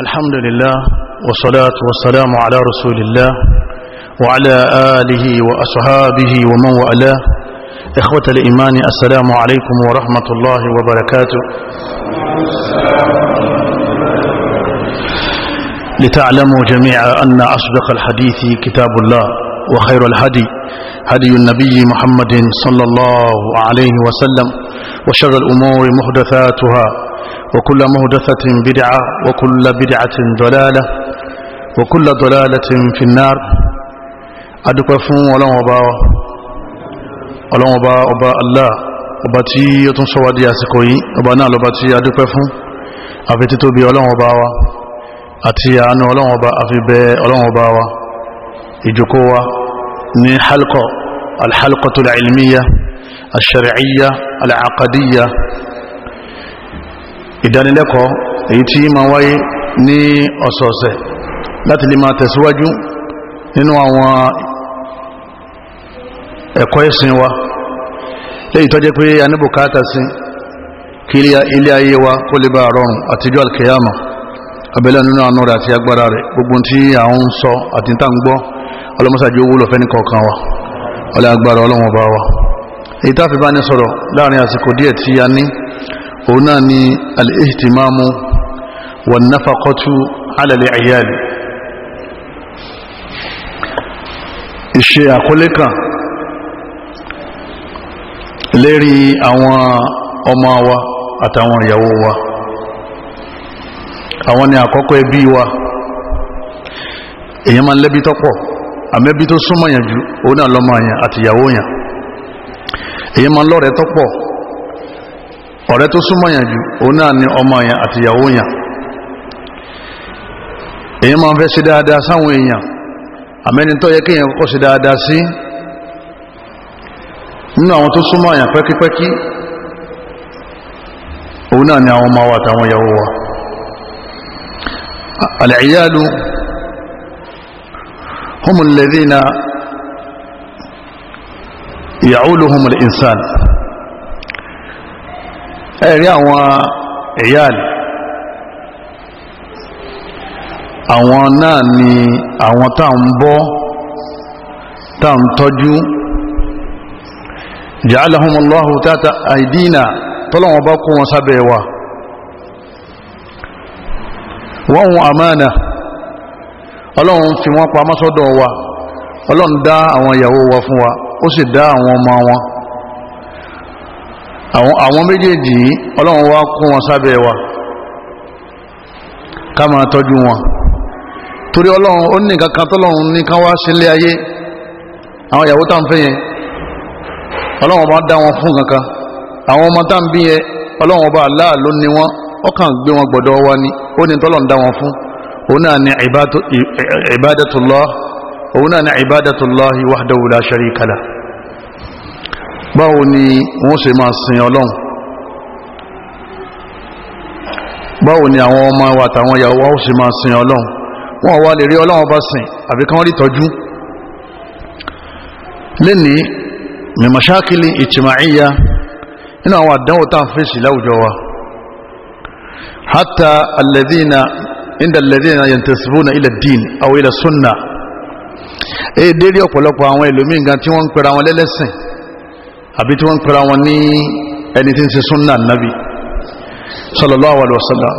الحمد لله والصلاة والسلام على رسول الله وعلى آله وأصحابه ومن والاه إخوة الإيمان السلام عليكم ورحمة الله وبركاته لتعلموا جميعا أن أصدق الحديث كتاب الله وخير الهدي هدي النبي محمد صلى الله عليه وسلم وشر الأمور محدثاتها وكل مهدثة بدعة وكل بدعة ضلالة وكل ضلالة في النار أدوك فون ولا وباء ولا وباء وباء الله وباتي يتون سوادي أسكوي وبانا لباتي أدوك فون أفتي توبي ولا وباء أتي أنا ولا وباء أفي باء ولا وباء إجوكوا ني حلقة الحلقة العلمية الشرعية العقدية ìdánilẹ́kọ̀ọ́ èyí tí ma wáyé ní ọ̀sọ̀ọ̀sẹ̀ láti lè máa tẹ̀síwájú nínú àwọn ẹ̀kọ́ ẹ̀sìn wa léyìí tó jẹ́ pé a ní bùkátà sí kí ilé ayé wa kó lè bá rọrùn àtijọ́ alkiyama abẹ́lẹ̀ nínú àánú rẹ̀ àti agbára rẹ̀ gbogbo tí a ń sọ àti tá ń gbọ́ ọlọ́mọsájú owó lọ fẹ́ni kọ̀ọ̀kan wa ọlẹ́ agbára ọlọ́wọ́n bá wa èyí tá fi bá ní sọ̀rọ̀ láàrin àsìkò díẹ̀ tí a ní òun náà ni al'ihtimamu wọn náfàkọ́tú alàlẹ̀ àyàlì ìṣe àkọlé kan lérí àwọn ọmọ wa àtàwọn ìyàwó wa àwọn ni àkọ́kọ́ ẹbí wa èyàn máa ń lẹ́bí tọ́pọ̀ àmẹ́bí tó súnmọ́ yẹn jù òun náà lọ́mọ yẹn àti ìyàwó yẹn èyàn máa ń tọ́pọ̀ ọ̀rẹ́ tó súnmọ́ yàn jù òun náà ni ọmọ yàn àtìyàwó yàn èyí máa ń fẹ́ ṣe dáadáa sáwọn èèyàn àmẹ́ni yẹ kí èèyàn kọ́kọ́ ṣe dáadáa sí nínú àwọn tó súnmọ́ yàn pẹ́kípẹ́kí òun náà àwọn ọmọ wa àtàwọn ìyàwó wa ẹ̀rí àwọn ẹ̀yàlì àwọn náà ni àwọn tá ń bọ́ tá ń tọ́jú jàálàhùnmọ́láhù tàtà àìdínà tọ́lọ̀wọ́n bá kún wọn sábẹ̀ wa wọ́n wọn àmánà ọlọ́run fi wọ́n pa mọ́sọ́dọ̀ wa ọlọ́run dá àwọn ìyàwó wa fún wa ó sì dá àwọn ọmọ wọn àwọn méjèèjì ọlọ́run wá kún wọn sábẹ́ wa ká máa tọ́jú wọn torí ọlọ́run ó ní kankan tọ́lọ́run ní ká wá sílé ayé àwọn ìyàwó tá ń fẹ́ yẹn ọlọ́run bá dá wọn fún kankan àwọn ọmọ tá ń bí yẹn ọlọ́run bá Allah ló ní wọn gbé wọn wá ní ó ní fún òun náà ní òun náà ní báwo ni wọ́n ṣe máa sin ọlọ́run báwo ni àwọn ọmọ wa àtàwọn ìyàwó wa ó ṣe máa sin ọlọ́run wọn wá lè rí ọlọ́run bá sìn àbí kán rí tọ́jú lẹ́ni mímọ̀ṣákìlì ìtìmáìyà nínú àwọn àdánwò tá à ń fèsì láwùjọ wa hatta alẹ́dínà inda alẹ́dínà yantasibuna ila dín àwọn ila sunna èdè rí ọ̀pọ̀lọpọ̀ àwọn ẹlòmíì gan tí wọ́n ń pera wọn lẹ́lẹ́sìn àbí tí wọ́n ń pera wọn ní ẹni tí ń ṣe súnà nàbì sallallahu alaihi wasallam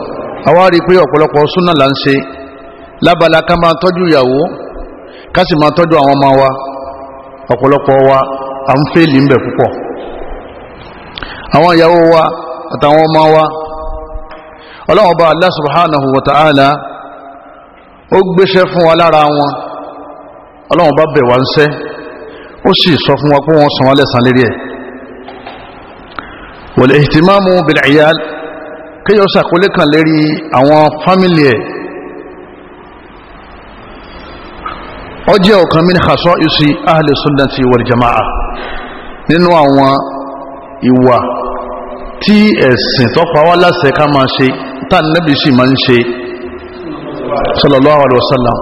àwa rí pé ọ̀pọ̀lọpọ̀ súnà là ń lábala ká máa tọ́jú ìyàwó ká sì máa tọ́jú àwọn ọmọ wa ọ̀pọ̀lọpọ̀ wa à ń fèèlì ń wa àtàwọn ọmọ Allah wa ó gbéṣẹ́ fún wa lára wọn ọlọ́wọ́n bá bẹ̀ wá ń sẹ́ ó sì wal-ihtimamu bil-'iyal kéèyàn ṣàkólé kan lérí àwọn fámìlì ẹ̀ ó jẹ́ ọ̀kan min khasa'isi ahli sunnati wal jama'a nínú àwọn ìwà tí ẹ̀sìn tó pa wá láṣẹ ká máa ṣe tá Ànábì sì máa ń ṣe sallallahu alaihi wasallam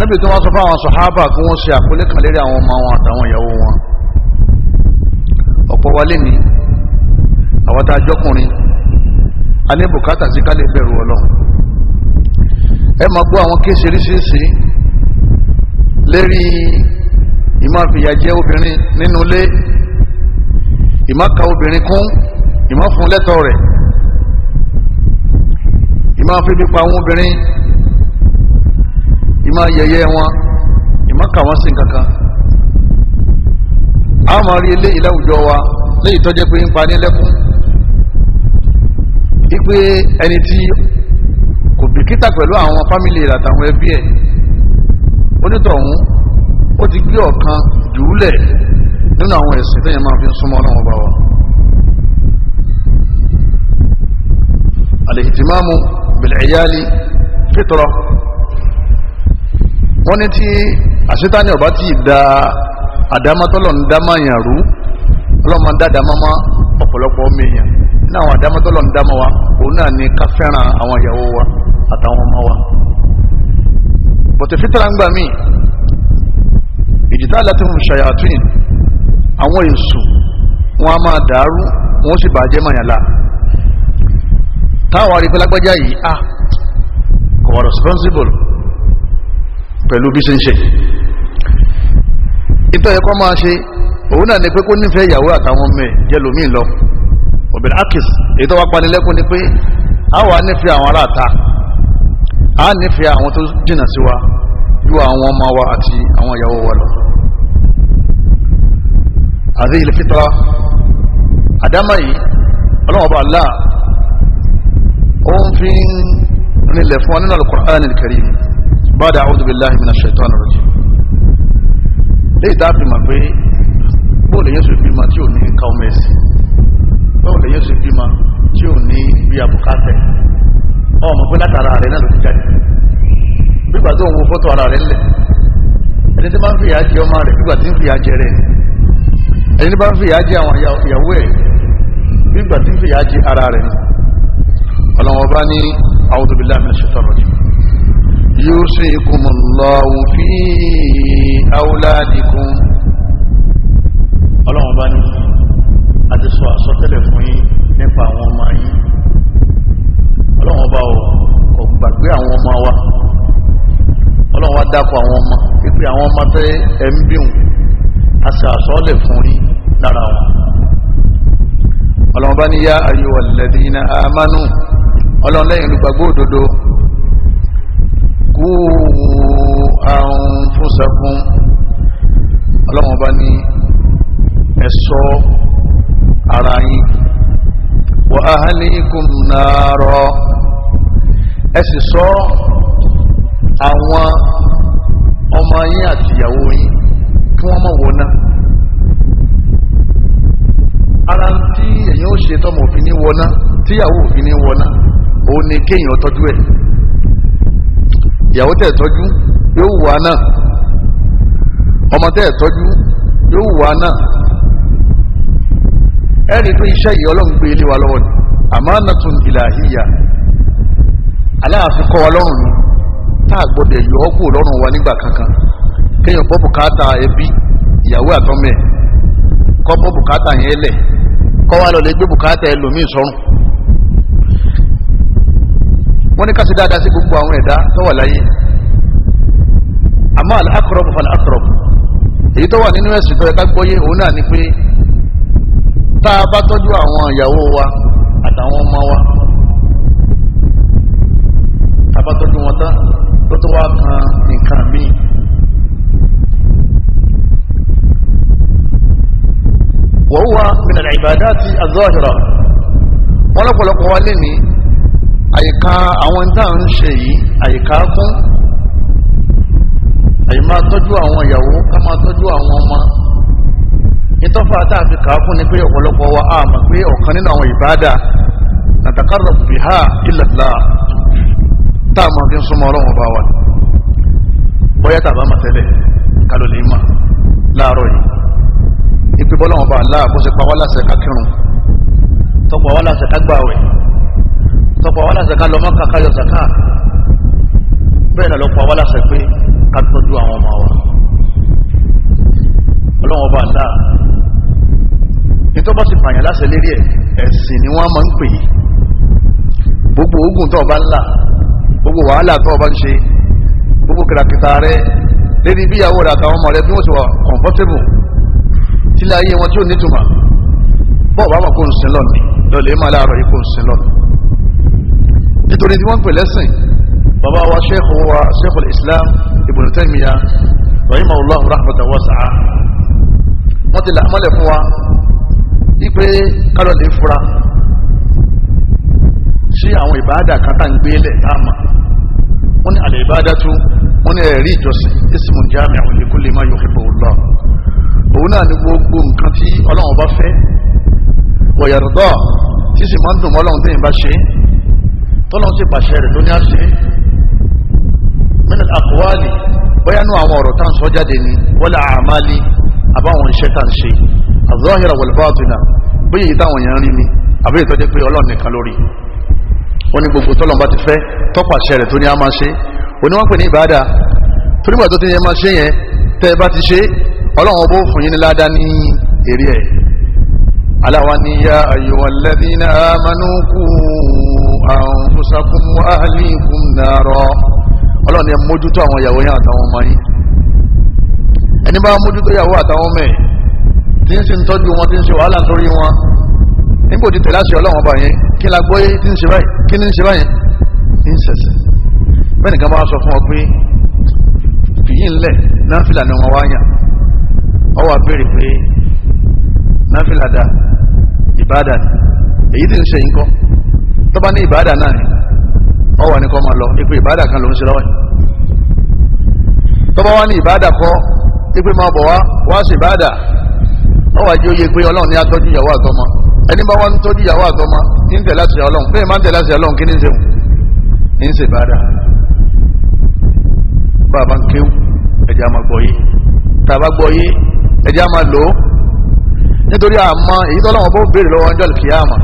anábì tí wọ́n sọ fún àwọn sọ̀hábà kí wọ́n ṣe àkólé kan lérí àwọn ọmọ wọn àtàwọn ìyàwó wọn ọ̀pọ̀ wa lè ní àwọn tá a jọkùnrin a ní bùkátà sí ká lè bẹ̀rù ọlọ́run ẹ máa gbọ́ àwọn kéṣe oríṣiríṣi lérí ìmáfìyàjẹ́ obìnrin nínú ilé ìmáka obìnrin kún ìmáfúnlẹ́tọ̀ rẹ̀ ìmáfíbi pa àwọn obìnrin ma ayẹyẹ wọn ìmọ̀ kà wọ́n sí kankan a máa rí eléyìí láwùjọ wa léyìí tọ́jẹ́ pé ń pa ní lẹ́kùn ipe ẹni tí kò bìkítà pẹ̀lú àwọn fámìlì rẹ̀ àtàwọn ẹbí ẹ̀ onítọ̀hún ó ti gbé ọ̀kan jùúlẹ̀ nínú àwọn ẹ̀sìn tẹ́yẹ máa fi ń súnmọ́ ọlọ́run bá wa alihitimamu bil'iyali wọ́n ní tí àṣetánì ọba ti da àdámọ́tọ́lọ̀ ń dámọ́ yàn rú ọlọ́mọ dáadáa mọ́mọ́ ọ̀pọ̀lọpọ̀ ọmọ èèyàn ní àwọn àdámọ́tọ́lọ̀ ń dámọ́ wa òun náà ní ká fẹ́ràn àwọn ìyàwó wa àtàwọn ọmọ wa bọ̀tẹ̀ fítàrà ń gbà mí ìdìtà láti fún ṣàyàtúyìn àwọn èṣù wọn a máa dàrú wọn sì bàjẹ́ mọ̀yànlá táwọn àrífẹ́ yìí ah kò wà responsible pẹ̀lú bí ṣe ń ṣe ìtọ́ ẹ̀kọ́ máa ṣe òun ni pé kó nífẹ̀ẹ́ ìyàwó àtàwọn ọmọ ẹ̀ jẹ́ lómi lọ obìnrin akis èyí tó wá panilẹ́kùn ni pé a wà nífẹ̀ẹ́ àwọn aráàta a nífẹ̀ẹ́ àwọn wa ju àwọn ọmọ wa àti àwọn ìyàwó wa lọ àti ilẹ̀ fitra àdámà yìí ọlọ́wọ́ba Allah ó ń fi rinlẹ̀ fún wa nínú Al-Qur'an al بعد أعوذ بالله من الشيطان الرجيم léyìí tá a fi mọ̀ pé bóò lè yẹn ṣe bímọ tí ò ní nǹkan tí ní يوصيكم الله في أولادكم ọlọ́run bá ní àti sọ àsọtẹ́lẹ̀ fún yín nípa àwọn ọmọ yín ọlọ́run bá ò kò gbàgbé àwọn ọmọ wa ọlọ́run wá dákọ̀ àwọn ọmọ pípé àwọn ọmọ tẹ́ ẹ̀ ń bíun a sì àsọ́lẹ̀ fún rí lára wọn ọlọ́run bá ní yá ayyuhal ladina amanu ọlọ́run lẹ́yìn olùgbàgbọ́ òdodo ara اللهم بني السوء أرعي وأهليكم نارا أسسوا àwọn ọmọ àti ìyàwó yín kí wọ́n mọ̀ wọ́n náà ara tí èyàn ó ṣe tọ́mọ òfin ní wọ́n náà tíyàwó òfin ní wọ́n náà òun ni tọ́jú ìyàwó tẹ̀ tọ́jú yóò wà náà ọmọ tẹ̀ tọ́jú yóò wà náà ẹ̀rí pé iṣẹ́ yìí ọlọ́run gbé ilé wa lọ́wọ́ ni amanatun ilahiyya aláàfin kọ́ wa lọ́rùn gbọ́dọ̀ yọ ọ́ kúrò lọ́rùn wa nígbà kankan kéèyàn bọ́ bùkátà ẹbí ìyàwó àtọ́mẹ́ kọ́ bọ́ bùkátà yẹn lẹ̀ kọ́ wa lọ lè gbé bùkátà ẹlòmíì wọ́n ní ká ṣe dáadáa sí gbogbo àwọn ẹ̀dá tó wà láyé àmọ́ al-aqrab fal-aqrab èyí tó wà nínú ẹ̀sìn tó yẹ ká gbọ́yé òun náà ni pé tá a bá tọ́jú àwọn ìyàwó wa àtàwọn ọmọ wa tá a bá tọ́jú wọn tán tó tó wá kan nǹkan míì wa huwa min al-ibadati az-zahira wọ́n lọ́pọ̀lọpọ̀ wa lé ní àyíká àwọn tá à ń ṣe yìí àyíká kún àyí máa tọ́jú àwọn ìyàwó ká máa tọ́jú àwọn ọmọ nítọ́fà tá a fi kà á kún ni pé ọ̀pọ̀lọpọ̀ wa á mọ̀ pé ọ̀kan nínú àwọn ìbáàdà nàtàkàrọ̀ bìhá ìlàlá tá a máa fi ń súnmọ́ ọlọ́run bá wà bóyá tàbá máa tẹ́lẹ̀ kálọ̀ lè mà láàárọ̀ yìí ìpè bá aláà bó pa wá láṣẹ ká kírun wá láṣẹ ká tọpọ̀ wọ́n lásẹ̀ká lọ mọ́ká káyọ sàká bẹ́ẹ̀ náà lọ́pọ̀ wọ́n lásẹ̀ pé ká tọ́jú àwọn ọmọ wa ọlọ́wọ́n bá ńlá nítọ́bọ̀ sì pààyàn lásẹ̀ lérí ẹ̀ ẹ̀sìn ni wọ́n máa ń pè gbogbo ogun tó bá ńlá gbogbo wàhálà tó bá ń ṣe gbogbo kìràkìtà rẹ lérí bíyàwó rẹ àtàwọn ọmọ rẹ bí wọ́n ti wà comfortable sílẹ̀ ayé wọn tí ò nítumọ̀ bọ́ọ̀ bá wọn kò ń sin lọ́nà lọ́lẹ̀ máa láàárọ̀ yìí kò ń sin lọ́nà nítorí tí wọ́n ń pè lẹ́sìn bàbá wa sheikh wa sheikh al-islam ibn taymiya rahimahullah rahmatan wasa'a wọ́n ti là mọ́lẹ̀ fún wa wípé kálọ̀ lè fura sí àwọn ìbáàdà kan tá ń gbé lẹ̀ tá a mọ̀ wọ́n ní àlẹ́ ìbáàdà tún wọ́n ní ẹ̀rí ìjọsìn ismun jami'un li kulli ma yuhibbu Allah òun náà ni gbogbo nǹkan tí ọlọ́run bá fẹ́ wọ̀yàrọ̀dọ́ tí sì máa ń dùn mọ́ ọlọ́run tẹ́yìn bá ṣe é tọ́lọ́n sì pàṣẹ rẹ̀ lóní àṣẹ minal aqwali bóyá nú àwọn ọ̀rọ̀ tán sọ jáde ni wala àmàlì àbáwọn iṣẹ́ tán ṣe az-zahira wal batina bóyá èyí táwọn èèyàn rí ni àbí ìtọ́jẹ́ pé ọlọ́run nìkan lórí ó ní gbogbo tọ́lọ́n bá ti fẹ́ tọ́pàṣẹ rẹ̀ tó ní a máa ṣe oníwọ́n pè ní ìbáadà torí gbà tó ti ní máa ṣe yẹn tẹ́ ẹ bá ti ṣe ọlọ́run ọbọ̀ fún yín ní ní èrè ẹ̀ aláwa ni ya ayyuhal ladhina amanu qu àwọn anfusakum wa ahlikum nara ọlọ́run ni mójútó àwọn ìyàwó yẹn àtàwọn ọmọ yín ẹni bá mójútó ìyàwó àtàwọn ọmọ ẹ̀ tí ń ṣe ń tọ́jú wọn tí ń ṣe wàhálà nítorí wọn nígbò tí tẹ̀lé àṣẹ ọlọ́run ọba yẹn kí la gbọ́ tí ń ṣe báyìí kí ni ń ṣe báyìí ń ṣẹ̀ṣẹ̀ bẹ́ẹ̀ nìkan bá sọ fún ọ pé fìyí ńlẹ̀ náfìlà ni wọn wá yàn ọ wà béèrè pé náfìlà dà ìbádà èyí tí ń ṣe yín kọ́ tọ́ba ní ìbáàdà náà ni ọ wà ní kọ́ máa lọ ipe ìbáàdà kan ló ń ṣe lọ́wọ́ yìí tọ́ba wá ní ìbáàdà kọ́ ipe máa bọ̀ wá wá sí ìbáàdà ọ wà jẹ́ oyè pé ọlọ́run ní atọ́jú ìyàwó àtọmọ ẹni bá wá ń tọ́jú ìyàwó àtọmọ ní ń tẹ̀lé àṣẹ ọlọ́run bẹ́ẹ̀ máa ń tẹ̀lé àṣẹ ọlọ́run kí ní ń ṣe wọn ní ń ṣe ìbáàdà bá ń kéwù ẹ̀jẹ̀ á máa gbọ́ yé tá gbọ́ yé ẹ̀jẹ̀ á máa lò ó nítorí àmọ́ èyí tọ́lọ́wọ́n bó béèrè lọ́wọ́ ọjọ́ ìkìyàmọ̀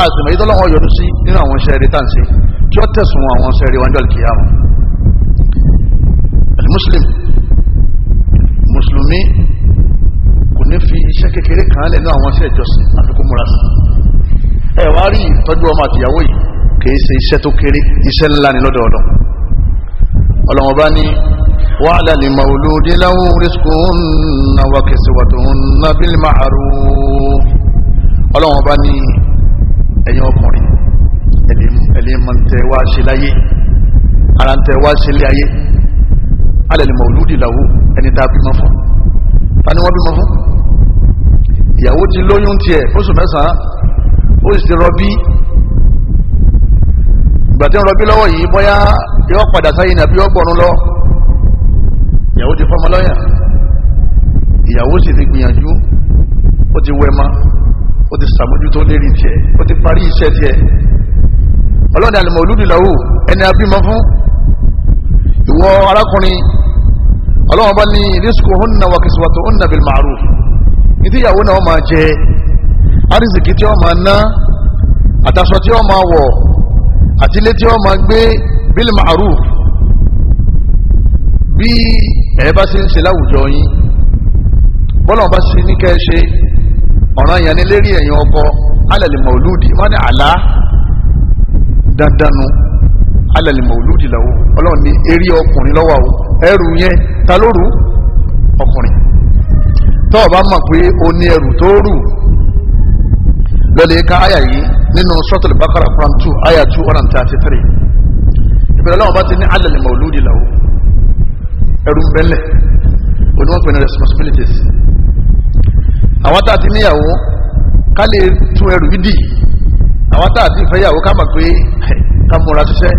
àtìmọ̀ yìí tọ́lọ́wọ́ yọ̀dú sí nínú àwọn iṣẹ́ eré tàǹsí tí ó tẹ̀sùn àwọn iṣẹ́ eré wájú alkiyama muslim musulumi kò ní fi iṣẹ́ kékeré kan lẹ̀ nínú àwọn iṣẹ́ ìjọsìn àfikún múra sí ẹ wá rí ìtọ́jú ọmọ àtìyàwó yìí kìí ṣe iṣẹ́ tó kéré iṣẹ́ ńlá ni lọ́dọọdún ọlọ́wọ́n bá ní wa'ala li mawludin lahu rizquhunna wa kiswatuhunna bil ma'ruf ọlọ́wọ́n bá ní ẹ̀yin ọkùnrin ẹ̀lẹ́ mọ̀ tẹ́ wá ṣe láyé ara tẹ́ wá ṣe lé ayé alẹ́lẹ́ mọ̀lúdì làwọ́ ẹni tá a bímọ fún ta ni wọ́n bímọ fún ìyàwó ti lóyún tiẹ̀ oṣù mẹ́sàn-án ó sì ti rọbí ìgbà tí ń rọbí lọ́wọ́ yìí bóyá yọ padà sáyé ní àbí lọ ìyàwó ti fọmọ lọ́yàn ìyàwó sì ti gbìyànjú ó ti wẹ̀ máa ó ti sàmójútó lérí tiẹ̀ ó ti parí iṣẹ́ tiẹ̀ ọlọ́ni àlùmọ̀ olúdìláwò ẹni abímọ fún ìwọ arákùnrin ọlọ́wọ́n bá ní rísíkò hún náà wàkísíwàtò hún náà bil ma'ruf ìdí ìyàwó náà máa jẹ àrísìkí tí ó máa ná àtàṣọ tí ó máa wọ̀ àti ilé tí ó máa gbé bil ma'ruf bí ẹ̀ bá ṣe ń ṣe láwùjọ yín bọ́lá ọba ṣe ní kẹ́ ṣe ọ̀ràn yẹn ni lérí ẹ̀yìn ọkọ alẹ́lẹ̀ mọ̀lúdì wọ́n ní àlá dandanu alẹ́lẹ̀ mọ̀lúdì lọ́wọ́ ọlọ́run ní eré ọkùnrin lọ́wọ́ o ẹrù yẹn ta ló rù ọkùnrin tó o bá mọ̀ pé o ní ẹrù tó rù aya ká àyà yìí nínú sọ́tòlù bákàrà two àyà two hundred and thirty ìbẹ̀rẹ̀ ọlọ́run bá ti ní lọ́wọ́ ẹrù ń bẹ́lẹ̀ oníwọ̀n pẹ̀lú àwọn tá a ti níyàwó ká lè tún ẹrù yìí àwọn tá a ti fẹ́yàwó ká mọ̀ pé ká múra ṣiṣẹ́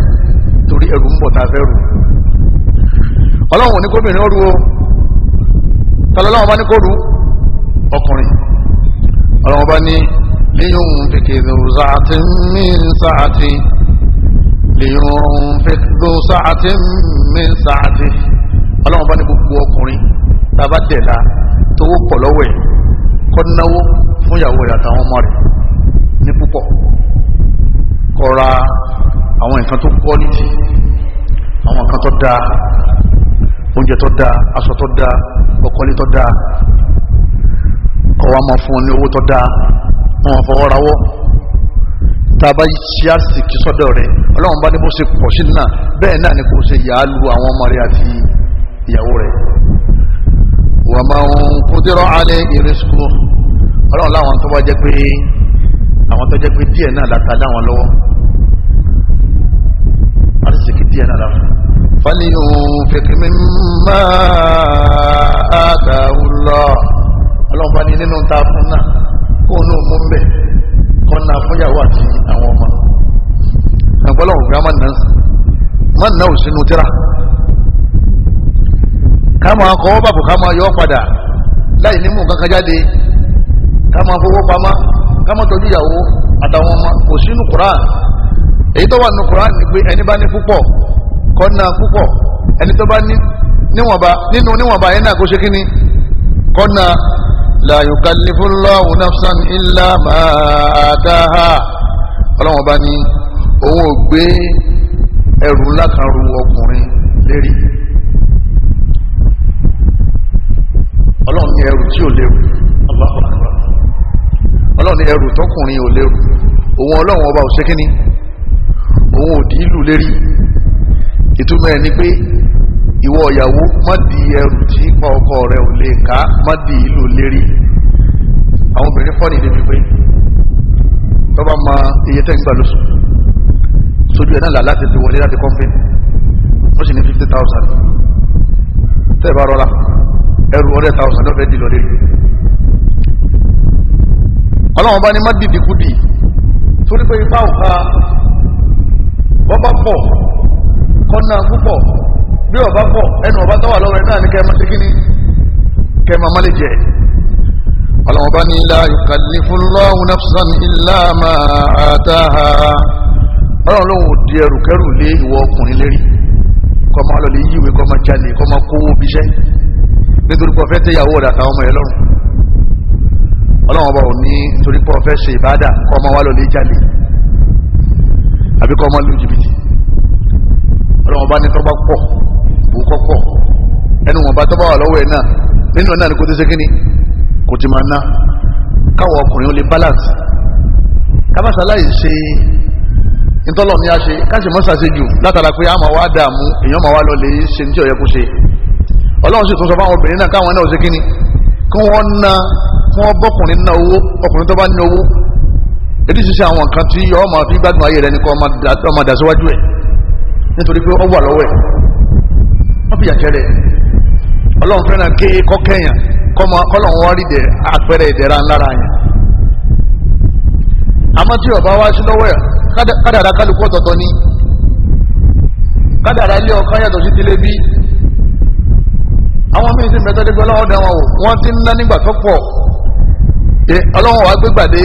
torí ẹrù ń bọ̀ tá a fẹ́ rù ọlọ́run ní kóbìnrin ó rú o tọ́lọ́wọ́n bá ní kó rú ọkùnrin ọlọ́run bá ní lẹ́yìn fèkè zòzàtì min sàátì lẹ́yìn fèkè zòzàtì min sàátì ọlọ́run bá ní gbogbo ọkùnrin tá a bá tẹ̀lá tówó pọ̀ lọ́wọ́ ẹ̀ kọ́ náwó fún ìyàwó rẹ̀ àtàwọn ọmọ rẹ̀ ní púpọ̀ kọ́ ra àwọn nǹkan tó quality àwọn nǹkan tó dáa oúnjẹ tó dáa aṣọ tó dáa ọkọlẹ̀ tó dáa kọ́ wa máa fún ní owó tó dáa wọn fọwọ́ rawọ́ tá ṣe àsìkí sọ́dọ̀ rẹ̀ ọlọ́run bá ní bó ṣe pọ̀ sí náà bẹ́ẹ̀ náà ni kò ṣe yàá lu àwọn ọmọ rẹ̀ àti ìyàwó rẹ̀ wa man qudira alayhi rizquhu ọlọ́run láwọn tó wá jẹ́ pé àwọn tó jẹ́ pé díẹ̀ náà láta dáwọn lọ́wọ́ arísìkí díẹ̀ náà láfún falyunfiq mimma atahu Allah ọlọ́run bá ní nínú ta fún náà kó ní òun mbẹ kó náà fúnyàwó àti àwọn ọmọ ẹgbẹ́ ọlọ́run máa ń nà sínú tíra ká máa kọ́ bàbù ká máa yọ padà láì ní mú kankan jáde ká máa fowó pamọ́ ká máa tọ́jú ìyàwó àtàwọn ọmọ kò sínú Quran èyí tó wà nínú Quran ni pé ẹni bá ní púpọ̀ kọ́ ná púpọ̀ ẹni tó bá ní níwọ̀nba nínú níwọ̀nba yẹn náà kó ṣe kíni kọ́ ná la yukallifullahu nafsan illa ma ataha ọlọ́wọ́n bá ní òun ò gbé ẹrù ńlá kan ru ọkùnrin lérí. ọlọ́run ní ẹrù tí ò léwu ọlọ́run ní ẹrù tọkùnrin ò léwu òun ọlọ́run ọba ò ṣe kíní òun ò dì í lù lérí ìtumọ̀ ẹ̀ ni pé ìwọ ìyàwó má di ẹrù tí ipa ọkọ rẹ ò lè ká má di ìlú lérí àwọn obìnrin fọ́ọ̀nì débi pé tọ́ba ma iye tẹ́ ń gbà lóṣù sójú ẹ̀ náà láti fi wọlé láti kọ́ńpé wọ́n sì ní fifty thousand tẹ́ ẹ bá rọra ẹrù ọ̀rẹ́ thousand lọ́fẹ́ dì lọ́lẹ́ ọlọ́run bá ní má dìdì kúdì torí pé ipá òka bọ́bá pọ̀ kọ́nà púpọ̀ bí ọba pọ̀ ẹnu ọba tọ́wà lọ́wọ́ ẹ̀ náà ní kẹ́ẹ̀mọ́ sí kíní kẹ́ẹ̀mọ́ má lè jẹ ọlọ́run bá ní la yukallifullahu nafsan illa ma ataha ọlọ́run lóhun ò di ẹrù kẹrù lé ìwọ ọkùnrin lérí kọ́ máa yíwèé kọ́ jalè kọ́ kówó bíṣẹ́ nítorí pé ọ̀fẹ́ tẹ̀yàwó rẹ̀ àtàwọn ọmọ yẹn lọ́rùn ọlọ́run ọba ò ní torí pé ọ̀fẹ́ ṣe ìbádà kọ́ ọmọ wa ló lè jalè àbí kọ́ ọmọ lu jìbìtì ọlọ́run ọba ní tọ́ bá pọ̀ òun pọ̀ ẹnu wọn bá tọ́ wà lọ́wọ́ ẹ̀ náà nínú náà ni kò ti ṣe kíni kò ti máa ná káwọn ọkùnrin ó lè balance kábàsáláì ṣe ìtọ́lọ̀ ní a ṣe káṣí mọ́ṣáṣe jù látara pé a máa dààmú èèyàn máa wá lọ lè ṣe ní ọlọ́run sì tún sọ fáwọn obìnrin náà káwọn náà ṣe kíni kí wọ́n na kí wọ́n bọ́kùnrin náà owó ọkùnrin tó bá ní owó èdè ṣiṣẹ́ àwọn nǹkan tí ọ máa fi gbádùn ayé rẹ ní kọ́ ọmọ dàsíwájú ẹ̀ nítorí pé ọ wà lọ́wọ́ ẹ̀ wọ́n fi yàtẹ̀ rẹ̀ ọlọ́run fẹ́ràn ké kọ́kẹ́yàn kọ́lọ́run wá rí àpẹẹrẹ ìdẹ̀ra ńlára ni kádàrá ilé sí bíi àwọn míì sì mẹ́tọ́ dé pé ọlọ́wọ́ dá wọn o wọ́n ti ń ná nígbà tó pọ̀ ọlọ́wọ́ wa gbégbàdé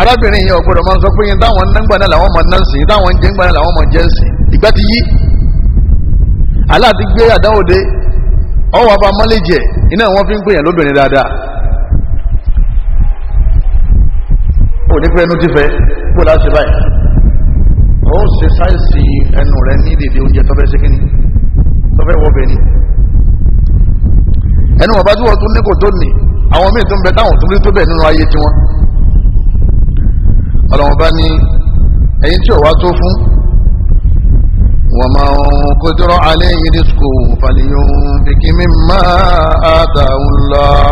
arábìnrin yẹn ọ̀gbọ́dọ̀ máa ń sọ pé yín táwọn ń ná ńgbà náà làwọn máa ń ná sí táwọn ń jẹ ńgbà náà làwọn máa ń jẹ sí ìgbà ti yí aláàtí gbé àdáwò dé ọwọ́ àbá mọ́lẹ́jẹ̀ iná wọn fi ń gbìyàn lóbìnrin dáadáa ò ní pé ẹnu ti fẹ́ kó láti báyìí ó ṣe sáìsì ẹnu rẹ ní dèdè oúnjẹ tó fẹ́ ṣe kíní tó fẹ́ wọ́ bẹ́ẹ̀ ni ẹnu wọn bá tí wọn tún ní kò tó nì àwọn míì tún bẹ táwọn tún rí tó bẹ nínú ayé tiwọn ọlọ́wọ́n bá ní ẹ̀yin tí ò tó fún wa man qudira alayhi rizquhu falyunfiq mimma ataahu Allah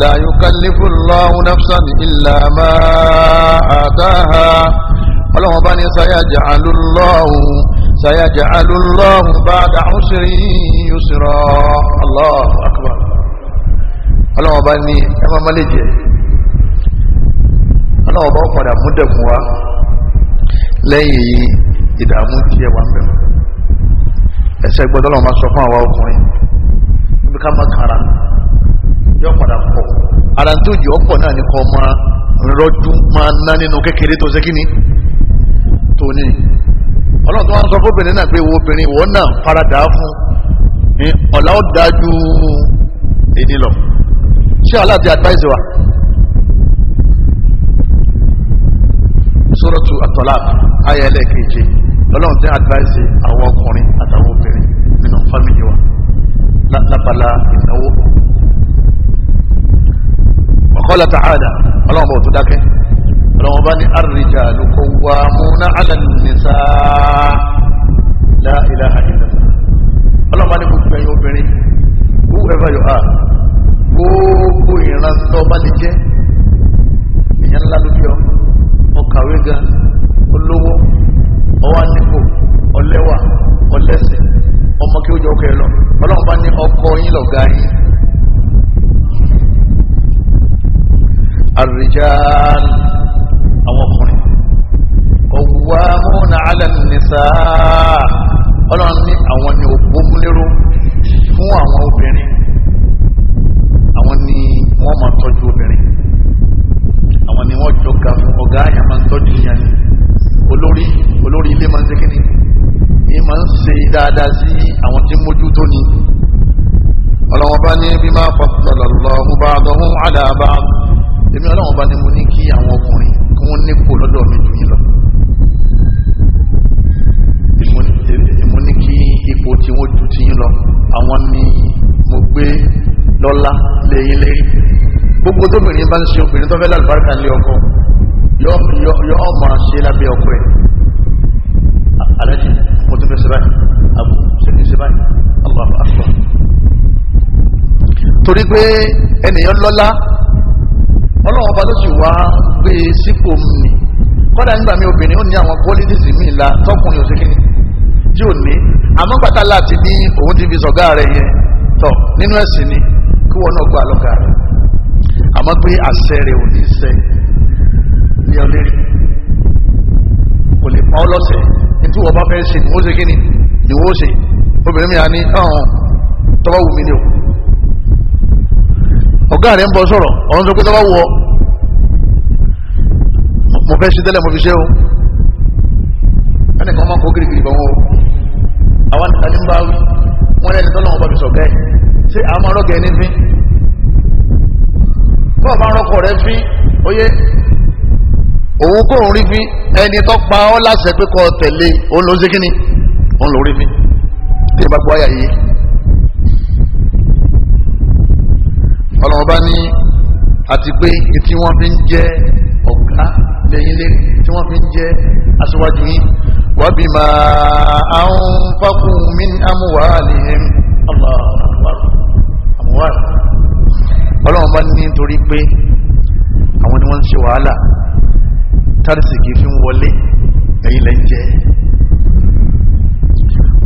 la yukallifu Allahu nafsan illa ma ataaha ọlọ́wọ́n bá ní sayaj'alu Allahu sayaj'alu Allahu ba'da usri yusra Allahu akbar ọlọ́wọ́n bá ní ẹ máa má lè jẹ ọlọ́wọ́n bá padà mú dẹ̀kun wá lẹ́yìn ìdààmú tí ẹ wà ń bẹ̀rẹ̀ ẹsẹ̀ gbọ́dọ̀ lọ́wọ́ máa sọ fún àwa ọkùnrin níbi ká má kára yóò padà pọ̀ ara tó jù ọ̀pọ̀ náà ní kọ́ máa rọ́jú máa ná nínú kékeré tó ṣe kíni tó ní ọlọ́run tó wá ń sọ fóbìnrin náà pé wo obìnrin ìwọ náà faradà fún ọ̀la dájú èdè lọ ṣé aláàtì advice wa sóròtù àtọ́lá ayé ẹlẹ́ẹ̀kejì lọ́lọ́run tí advice àwọn ọkùnrin àtàwọn obìnrin nínú fámìlì wa lábala ìnáwó ọ̀kọ́lá tààdà ọlọ́run bọ̀ tó dákẹ́ ọlọ́run bá ní àrìjà lóko wa múná alàlùmísà láìláha ìlànà ọlọ́run bá ní gbogbo ẹ̀yin obìnrin whoever you are gbogbo ìran lè jẹ́ ńlá ló olówó ọwá nípò ọlẹ́wà ọmọ kí ó jọ ọkọ ní ọkọ yín yín الرجال أو أخرين قوامون على النساء àwọn ni wọ́n máa tọ́jú obìnrin àwọn ni wọ́n jọ ga fún ọ̀gá àyàn máa ń tọ́jú ìyàn ni olórí olórí ilé máa ń sékìní ní máa ń ṣe dáadáa sí àwọn tí ń mójú tó ni ọlọ́wọ́n bá ní bí máa fọ́tọ̀ lọ́lọ́hún bá dọ́hún àdàbà èmi ọlọ́wọ́n bá ní mo ní kí àwọn ọkùnrin kí wọ́n nípò lọ́dọ̀ mi jù yín lọ mo ní kí ipò tí wọ́n jù ti yín lọ àwọn ni mo gbé lọ́lá lè yín lérí gbogbo tóbìnrin bá ń ṣe obìnrin tó fẹ́ lálùbáríkà ní ọkọ yọ ọmọ ṣe lábẹ́ ọkọ ẹ̀ aláàjì mo tún fẹ́ ṣe báyìí àbò ṣe ní ṣe báyìí Allahu Akbar torí pé ènìyàn lọ́lá ọlọ́wọ́n bá ló sì wá gbé e sípò mi kọ́dà nígbà mi obìnrin ó ní àwọn pólítìsì mi la tọkùnrin òṣèlú tí ò ní àmọ́ pátá láti ní òun ti fi sọ̀gá rẹ̀ yẹn tọ̀ nínú ẹ̀sìn ni wọn náà gbà lọ́gà rẹ̀ àmọ́ pé àṣẹ rẹ̀ ò ní sẹ́ ní ọlẹ́rì kò lè pa ọ́ lọ́sẹ̀ nítorí wọ́n bá fẹ́ ṣe ni wọ́n ṣe kí ni ni wọ́n ṣe obìnrin mi à ní ọ̀hún tọ́ba wù mí ni o ọ̀gá rẹ̀ ń bọ̀ sọ̀rọ̀ ọ̀hún sọ pé tọ́ba wù ọ́ mo fẹ́ ṣe tẹ́lẹ̀ mo fi ṣe o ẹnì kan máa kó gírígírí bọ̀ wọ́n o àwọn àti ń bá wọn ẹni tọ́lọ́wọ́n bá fi sọ̀gá ẹ̀ ṣe àwọn ọlọ́gẹ̀ ẹni fín bọ́ọ̀ bá rọ́kọ̀ rẹ fín oyé òun kò rí fín ẹni tó pa ọ́ láṣẹ pé kọ́ tẹ̀lé òun ló ń ṣe kí ni òun ló rí fín tí ìbá gbọ́ àyà yìí ọlọ́run bá ní àti pé tí wọ́n fi ń jẹ́ ọ̀gá lẹ́yìn lé tí wọ́n fi ń jẹ́ aṣíwájú yín wàbí máa àwọn fákùn mí amúwàá nìyẹn shawwal ọlọ́run bá ní torí pé àwọn ni wọ́n ń ṣe wàhálà tárìsì kì fi ń wọlé ẹ̀yìn lẹ́yìn jẹ́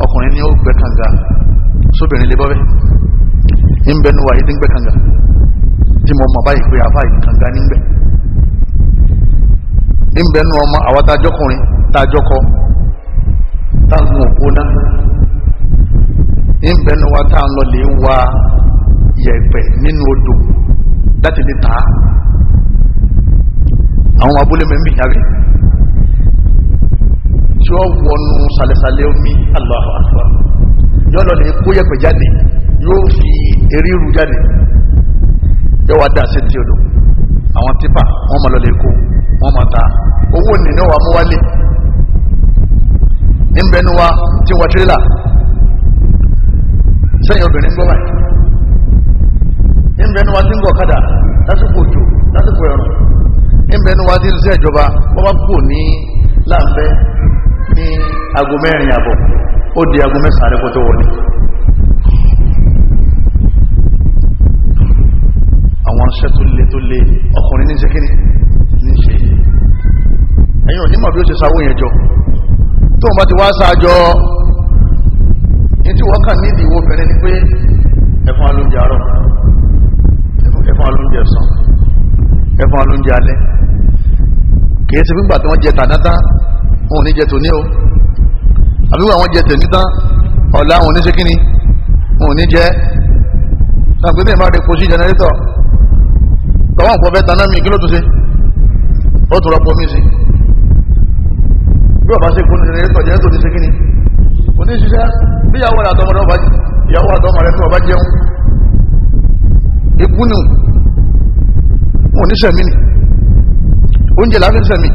ọkùnrin ní ó gbẹ kànga sóbìnrin lè bọ́bẹ̀ ń bẹnu wà yìí gbẹ kànga tí mo mọ̀ báyìí pé àbá kànga ń ọmọ àwọn ìyẹ̀pẹ̀ nínú odò láti lè ta àwọn abúlé mẹ́mí yàrá tí ó wọnú sàlẹ̀sàlẹ̀ omi Allahu Akbar yóò lọ lè kó yẹ̀pẹ̀ jáde yóò fi eríru jáde yóò wá dá sí ti odò àwọn tipa wọn máa lọ lè kó wọn máa ta owó nínú wa mú wálé ní bẹnu wa tí wọn tirila sẹ́yìn obìnrin gbọ́ báyìí ìbẹ̀nu wa ti ń gọ̀kadà lásìkò òjò lásìkò ẹ̀rùn ìbẹ̀nu wa ti ń ṣe ìjọba wọ́n bá kò ní láǹbẹ́ ní aago mẹ́rin àbọ̀ ó di aago mẹ́sàn-án rẹ̀ kó tó wọlé àwọn iṣẹ́ tó le tó le ọkùnrin ní ṣekíní ní ṣe ẹ̀yìn onímọ̀ bí ó ṣe sáwó yẹn jọ tó ń bá ti wá sáájọ́ ní nídìí wo ni pé ẹ̀fọn alóúnjẹ àárọ̀ ẹfún alóúnjẹ sàn ẹfún alóúnjẹ alẹ́ kìí ṣe fún ìgbà tí wọ́n jẹ tànátá wọn ò ní jẹ tòní o àbí wọn jẹ tẹ̀nítá ọ̀la wọn ò ní ṣe kíni wọn ní jẹ sàgbédè máa rẹ kó jẹnẹrétọ̀ tọwọ́n pọ̀ bẹ́ẹ̀ taná mi kí ló tún ṣe ó tún rọpò mí sí bí ọba ṣe kó ní jẹnẹrétọ̀ jẹ́ tó ní ṣe kíni kò ní ṣiṣẹ́ bí ìyàwó rẹ̀ àtọmọdé ọba ọba jẹun ikú ni wọn ní sẹ̀mí ni oúnjẹ láti ń sẹ̀mí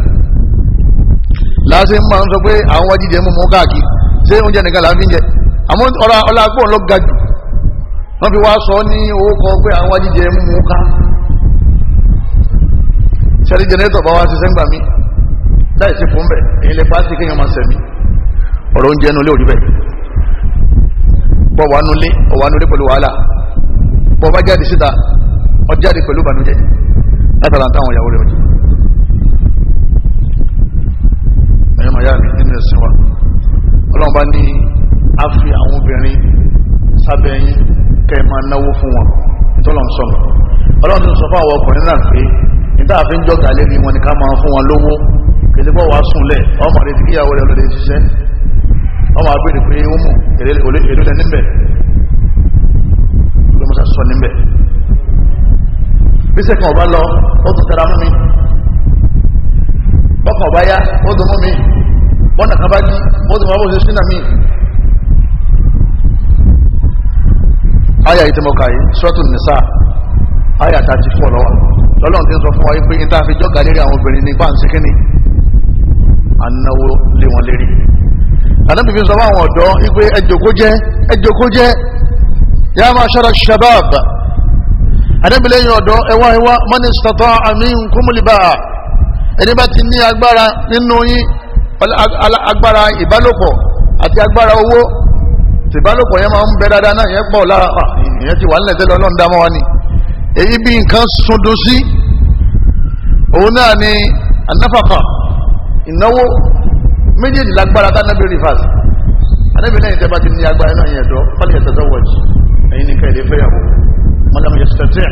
láti ń máa ń sọ pé àwọn jíjẹ mú mú káàkiri ṣé oúnjẹ nìkan láti ń jẹ àmọ́ ọ̀rọ̀ ọlágbọ́n ló ga jù wọ́n fi wá sọ ní owó kan pé àwọn jíjẹ mú mú ká sẹ́rí jẹnẹ́tọ̀ bá wá ti sẹ́ngbà mí láì sí fún bẹ̀ èyí lè pàṣẹ kéèyàn máa sẹ̀mí ọ̀rọ̀ oúnjẹ nulẹ̀ òjú bẹ̀ bọ̀ wà nulẹ̀ ọ̀wà nulẹ̀ pẹ̀lú wàhálà bọ́ bá jáde síta ọjáde pẹ̀lú ìbànújẹ́ látara táwọn ìyàwó rẹ̀ ọjọ́ ẹ̀yọ́ màá yá mi nínú ẹ̀sìn wa ọlọ́run bá ní a fi àwọn obìnrin sábẹ́ yín kẹ́ ẹ máa náwó fún wọn ìtọ́lọ̀ ń sọ̀rọ̀ ọlọ́run ti sọ fún àwọn ọkùnrin náà pé níta àfi ń jọ́gà lé ní wọn ni ká máa fún wọn lówó kìí bọ́ wàá súnlẹ̀ ọmọ rẹ̀ ti kíyàwó rẹ̀ lọ́dẹ̀ ṣiṣẹ́ ọmọ àgbèrè pé ó mọ̀ èlé lẹ́ níbẹ̀ musa sọ níbẹ̀ bísẹ̀ kan ọba lọ ó tún tẹ̀ra mú mi bọ́kàn ọba yá ó tún mú mi bọ́nà kan bá jí ó tún máa bó ṣe sínà mi. aya yìí tí mo kà yìí sọ́tún nìsa aya tá a ti fọ́ lọ́wọ́ lọ́lọ́run ti ń sọ fún wa pé níta fi jọ́gà lérí àwọn obìnrin ní pàǹsí kínní anáwó lé wọn lérí. àdébìbí sọ fún àwọn ọ̀dọ́ wípé ẹjọ́kó jẹ́ ẹjọ́kó jẹ́ يا معشر الشباب أنا بلين يودو إوا إوا من استطاع منكم الباء ẹni bá ti ní agbára nínú yín agbára ìbálòpọ̀ àti agbára owó ìbálòpọ̀ yẹn máa ń bẹ dáadáa náà yẹn pọ̀ lára ìyẹn ti wà nílẹ̀ tẹ́lẹ̀ ọlọ́run dá mọ́ wa ni èyí bí nǹkan sundun sí òun náà ni anáfàkà ìnáwó méjèèjì lágbára tá anábìrì rivers anábìrì náà ìjọba ti ní agbára náà yẹn dọ́ pálí ẹ̀sẹ̀ tó wọ̀ jù ẹ̀yin ní kẹ́ẹ̀dẹ́ fẹ́yàwó mọ́lá mọ́jẹ́ sẹ́tẹ́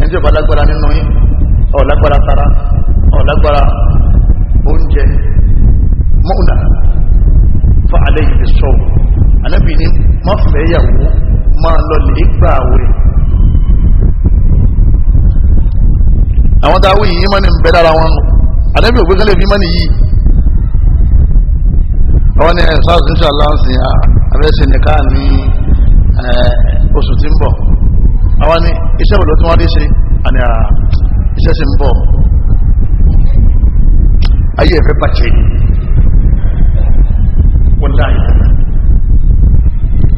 ẹni tí ó bá lágbára nínú yín ó lágbára tara ó lágbára oúnjẹ mọ́ùnà fa alẹ́ yìí sọ́ọ̀ anábì ní má fẹ́yàwó máa lọ lè gbà àwẹ̀ àwọn tá a wí yìí má ní bẹ́ dára wọn anábì ògbékalẹ̀ fi má ní yìí àwọn ni ẹ̀ sáà inshallah sí abẹ́sẹ̀ nìkan ní Eh, oṣù tí ń bọ̀ àwọn ní iṣẹ́ tí wọ́n dé ṣe àni iṣẹ́ sí ń bọ̀ ayé ẹ̀fẹ́ ni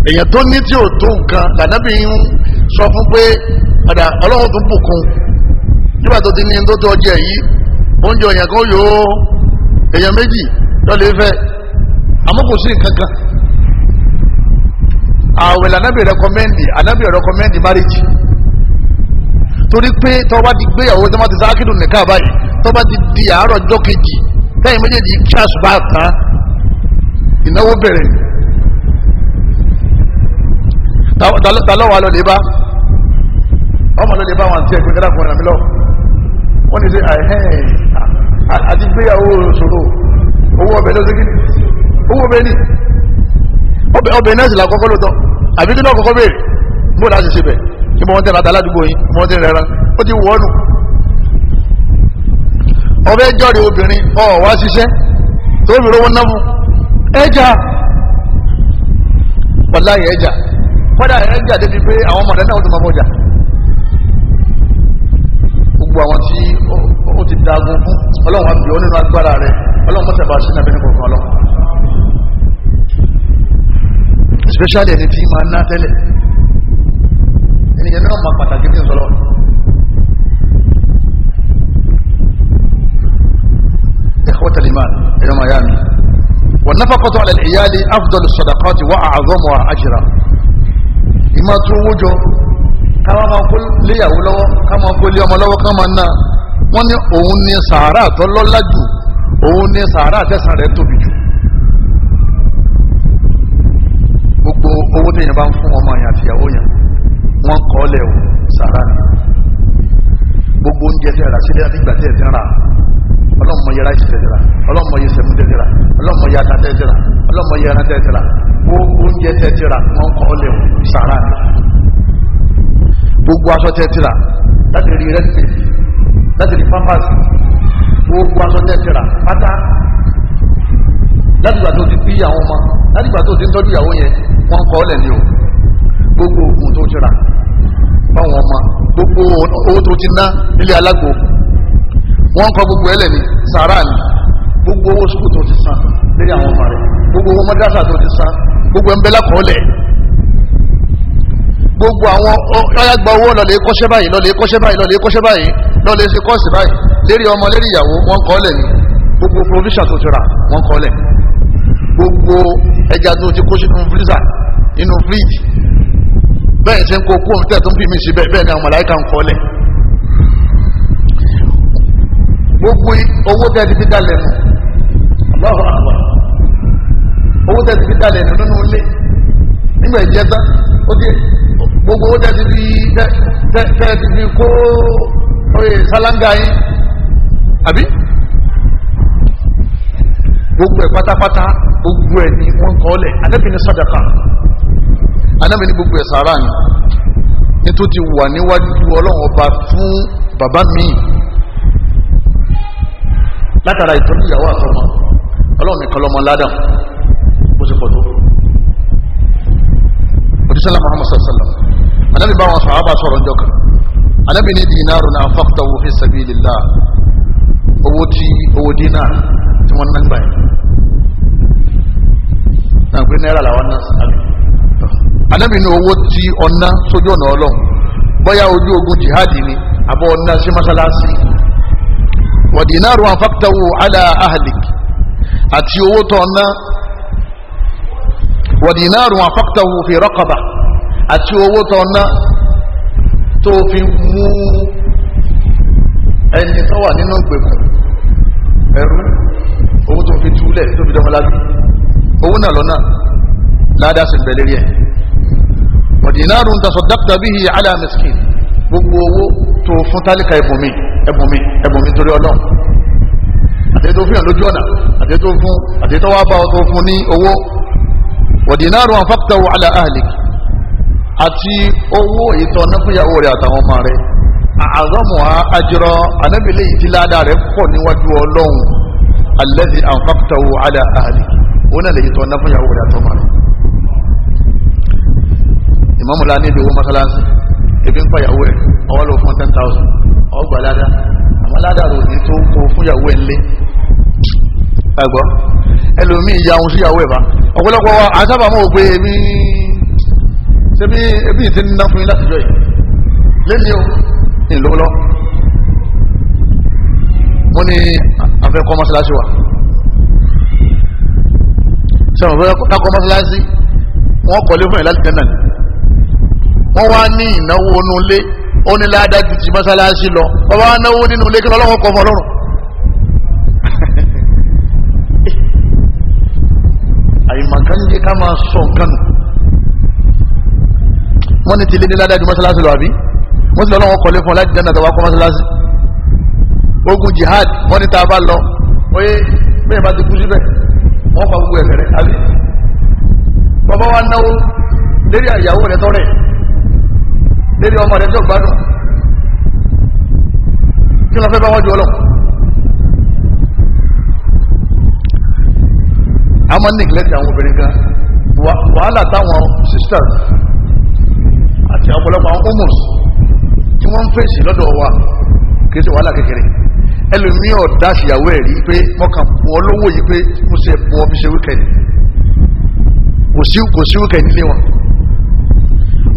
wọ́n tó ní tí ó tó nǹkan lànàbí ń sọ fún pé padà ọlọ́run tó bùkún nígbà tó ti ní tó tó ọjẹ́ yìí oúnjẹ kan yóò èyàn méjì lọ́lẹ́fẹ́ àmọ́ kò sí nǹkan àwẹ̀ lànàbì rẹkọmẹ́ndì ànàbì rẹkọmẹ́ndì márìjì torí pé tọ́ba ti gbéyàwó tọ́ba ti sáàkìdù nìkan báyìí tọ́ba ti di àárọ̀ ọjọ́ kejì tẹ́yìn méjèèjì kí àṣùbà tán ìnáwó bẹ̀rẹ̀ ta, lọ lè bá ọmọ lọ lè bá wọn àti ẹgbẹ́ gẹ́gẹ́ àkùnrin àmì lọ wọ́n ní sẹ́ àìhẹ́n àti gbéyàwó ṣòro owó ọbẹ̀ lọ́sẹ̀kì owó ọbẹ̀ ni ọbẹ̀ náà sì là kọ́kọ́ lóòótọ́ àbí kí náà kọ́kọ́ béèrè bó láti ṣe bẹ̀ kí mọ́ tẹ́ bàtà aládùúgbò yín mọ́ tẹ́ rẹ̀ra ó ti wọ́ nù ọbẹ̀ jọ́rẹ̀ obìnrin ọ̀ wá ṣiṣẹ́ tó fi rówó náà fún ẹja wàláyé ẹja padà ẹja débi pé àwọn ọmọdé náà tó máa mọ̀jà gbogbo àwọn tí ó ti dagun fún ọlọ́run àbí ọ nínú agbára rẹ ọlọ́run mọ́tẹ̀ bá sínú abẹ́ni kọ̀ọ̀kan ọlọ́run especially ẹni tí máa ná tẹ́lẹ̀ ẹni yẹn náà máa pàtàkì ní ìsọ̀rọ̀ ẹ̀kọ́ tẹ̀lémà ẹ̀rọ máa yá mi wọ́n náfà kọ́tọ́ alẹ́ ìyáálé afdọ́lù sọ̀dàkọ́ ti wá àzọ́mọ́ àjìrà ìmọ̀ tó owó jọ káwọn máa kó léyàwó lọ́wọ́ káwọn máa kó lé ọmọ lọ́wọ́ káwọn máa ná wọ́n ní òun ní sàárà tó lọ́lá jù òun ní sàárà tẹ̀sán rẹ̀ tóbi jù gbogbo owó tẹ̀yìn bá ń fún ọmọ yẹn àti ìyàwó yẹn wọ́n kọ́ lẹ̀ o sàrà ni gbogbo oúnjẹ tẹ̀ ra sílẹ̀ àti ìgbà tẹ̀ tẹ̀ ra ọlọ́mọ yẹra ìṣẹ̀ tẹ̀ ra ọlọ́mọ yẹ sẹ̀mú tẹ̀ tẹ̀ ra ọlọ́mọ yẹ ata tẹ̀ tẹ̀ ra ọlọ́mọ yẹ ara tẹ̀ tẹ̀ ra gbogbo oúnjẹ tẹ̀ tẹ̀ ra wọ́n kọ́ lẹ̀ o sàrà ni gbogbo aṣọ tẹ̀ tẹ̀ ra láti rí rẹ́sì láti rí pampers gbogbo aṣọ tẹ̀ tẹ̀ ra pátá látìgbà tó ti bí àwọn ọmọ látìgbà tó ti ń tọ́jú ìyàwó yẹn wọ́n kọ́ lẹ̀ ní o gbogbo oògùn tó ti rà fáwọn ọmọ gbogbo owó tó ti ná nílé alágbo wọ́n kọ́ gbogbo ẹlẹ̀ ní sàárà ní gbogbo owó sùkúù tó ti san lórí àwọn ọmọ rẹ̀ gbogbo owó mọ́dásà tó ti san gbogbo ẹ̀ńbẹ́ lákọọ́lẹ̀ gbogbo àwọn ọyàgbà owó lọ́lẹ̀ kọ́ṣẹ́ báyìí lọ́lẹ̀ kọ́ṣẹ́ báyìí lọ́lẹ̀ kọ́ṣẹ́ báyìí lọ́lẹ̀ ṣe kọ́ọ̀sì báyìí lérí ọmọ lérí ìyàwó wọ́n kọ́ ní gbogbo provision tó ti rà wọ́n kọ́ ní gbogbo ẹja tó ti kó sínú fírísà inú fíríjì bẹ́ẹ̀ ṣe ń kó kó tẹ̀ tó ń fi mí sí bẹ́ẹ̀ bẹ́ẹ̀ ni àwọn màláìka ń kọ́ lẹ̀ gbogbo owó tẹ̀lé fi dalẹ̀ nù Allahu Akbar owó tẹ̀lé fi dalẹ̀ nù nínú ilé nígbà ìjẹta ó ti gbogbo owó tẹ̀lé fi tẹ̀lé fi kó oye sálángà yín àbí gbogbo ẹ̀ pátápátá gbogbo ẹ̀ ni wọ́n kọ́ lẹ̀ anábì ní sàdákà anábì ní gbogbo ẹ̀ sàárà ni nítorí ti wà níwájú ọlọ́run ọba fún bàbá mi látara ìtọ́jú ìyàwó àtọmọ ọlọ́run nìkan lọ́mọ ládàm bó ṣe pọ̀ tó òjísọ́lá muhammad sàlá anábì bá wọn sàábà sọ̀rọ̀ ọjọ́ kan anábì ní dínárù náà fọ́kítà wò fi sabilillah owó tí owó dínà tí wọ́n ná gbà ẹ̀ pé náírà làwọn náà sáré anábì ní owó tí ọ̀nà sójú ọ̀nà ọlọ́run bóyá ojú ogun jihadi ni àbọ̀ ọ̀nà sí mọ́sálásí wa dinaru anfaqtahu ala ahlik àti owó tó ọ̀nà wa dinaru anfaqtahu fi raqaba àti owó tó ọ̀nà tó fi mú ẹni tó wà nínú ìgbèkùn ẹrú owó tó fi túlẹ̀ tó fi dọ́mọlábí owó náà lọ́nà ládàá sì ń bẹ lérí ẹ̀ ọ̀dìnàrún ń tasọ̀ dákítà bí i àlà miskin gbogbo owó tó fún tálíkà ẹ̀bùnmi ẹ̀bùnmi ẹ̀bùnmi torí ọlọ́run àtẹ́tò fún yàn lójú ọ̀nà àtẹ́tò fún àtẹ́tò wá bá ọ tó fún ní owó ọ̀dìnàrún àfàkìtàwò àlà àhàlìkì àti owó ìtọ̀ náà rẹ̀ àtàwọn ọmọ rẹ̀ àzọ́mù àjọrọ̀ anábìlẹ̀ ìdíládà rẹ̀ pọ̀ níwájú ọlọ́run alladhi anfaqtahu ala ahli òun náà lè yí tọ́ná fún ìyàwó rẹ̀ àtọ́mọ́ rẹ̀ ìmọ̀mùlá ní ìdíwó mọ́sálásí ebi ń pa ìyàwó ẹ̀ ọwọ́ ló fún ten thousand ọgbà ládá àmọ́ ládá rò ní tó kó fún ìyàwó ẹ̀ ńlé ẹgbọ́ ẹlòmí ìyá ohun sí ìyàwó ẹ̀ bá ọ̀pọ̀lọpọ̀ àṣàbàmọ́ òpé ebi ṣebí ebi ti ń ná fún yín láti jọ yìí lẹ́ni o ìlú lọ wọ́n ní afẹ́kọ́ mọ́sálásí wa sọ̀rọ̀ bẹ́ẹ̀ dákọ̀ mọ́sálásí wọ́n kọ́lé fún ẹ̀ láti tẹ́nà ni wọ́n wá ní ìnáwó inú ilé ó ní ládàá ju ti mọ́sálásí lọ bàbá wa náwó nínú ilé kí lọ́lọ́kọ̀ kọ́ fọlọ́run. àyìnbàkan jẹ́ ká máa sọ nǹkan nù ní ti lé ní ládàá lọ àbí wọ́n sì lọ́lọ́wọ́ kọ́lé fún ọ láti jẹ́nà tọ́wọ́ kọ́ mọ́sálásí ogun jihad wọ́n ní tá a bá lọ oye bẹ́ẹ̀ bá ti kú síbẹ̀ wọ́n fa gbogbo ẹ̀fẹ̀ rẹ̀ àbí bàbá wa náwó lérí àyàwó rẹ̀ tọ́rẹ̀ lérí ọmọ rẹ̀ tó gbádùn kí lọ fẹ́ bá wọ́n jọ lọ a máa neglect àwọn obìnrin gan wàhálà táwọn sisters àti ọ̀pọ̀lọpọ̀ àwọn homos tí wọ́n ń fèsì lọ́dọ̀ wa kìí ṣe wàhálà kékeré ẹlòmíì ọ̀dá ṣìyàwó ẹ̀ rí pé mọ́kàn bọ́ lọ́wọ́ yìí pé mo ṣe bọ́ mi ṣe wíkẹ̀ndì ni sí kò sí wíkẹ̀ndì lé wọn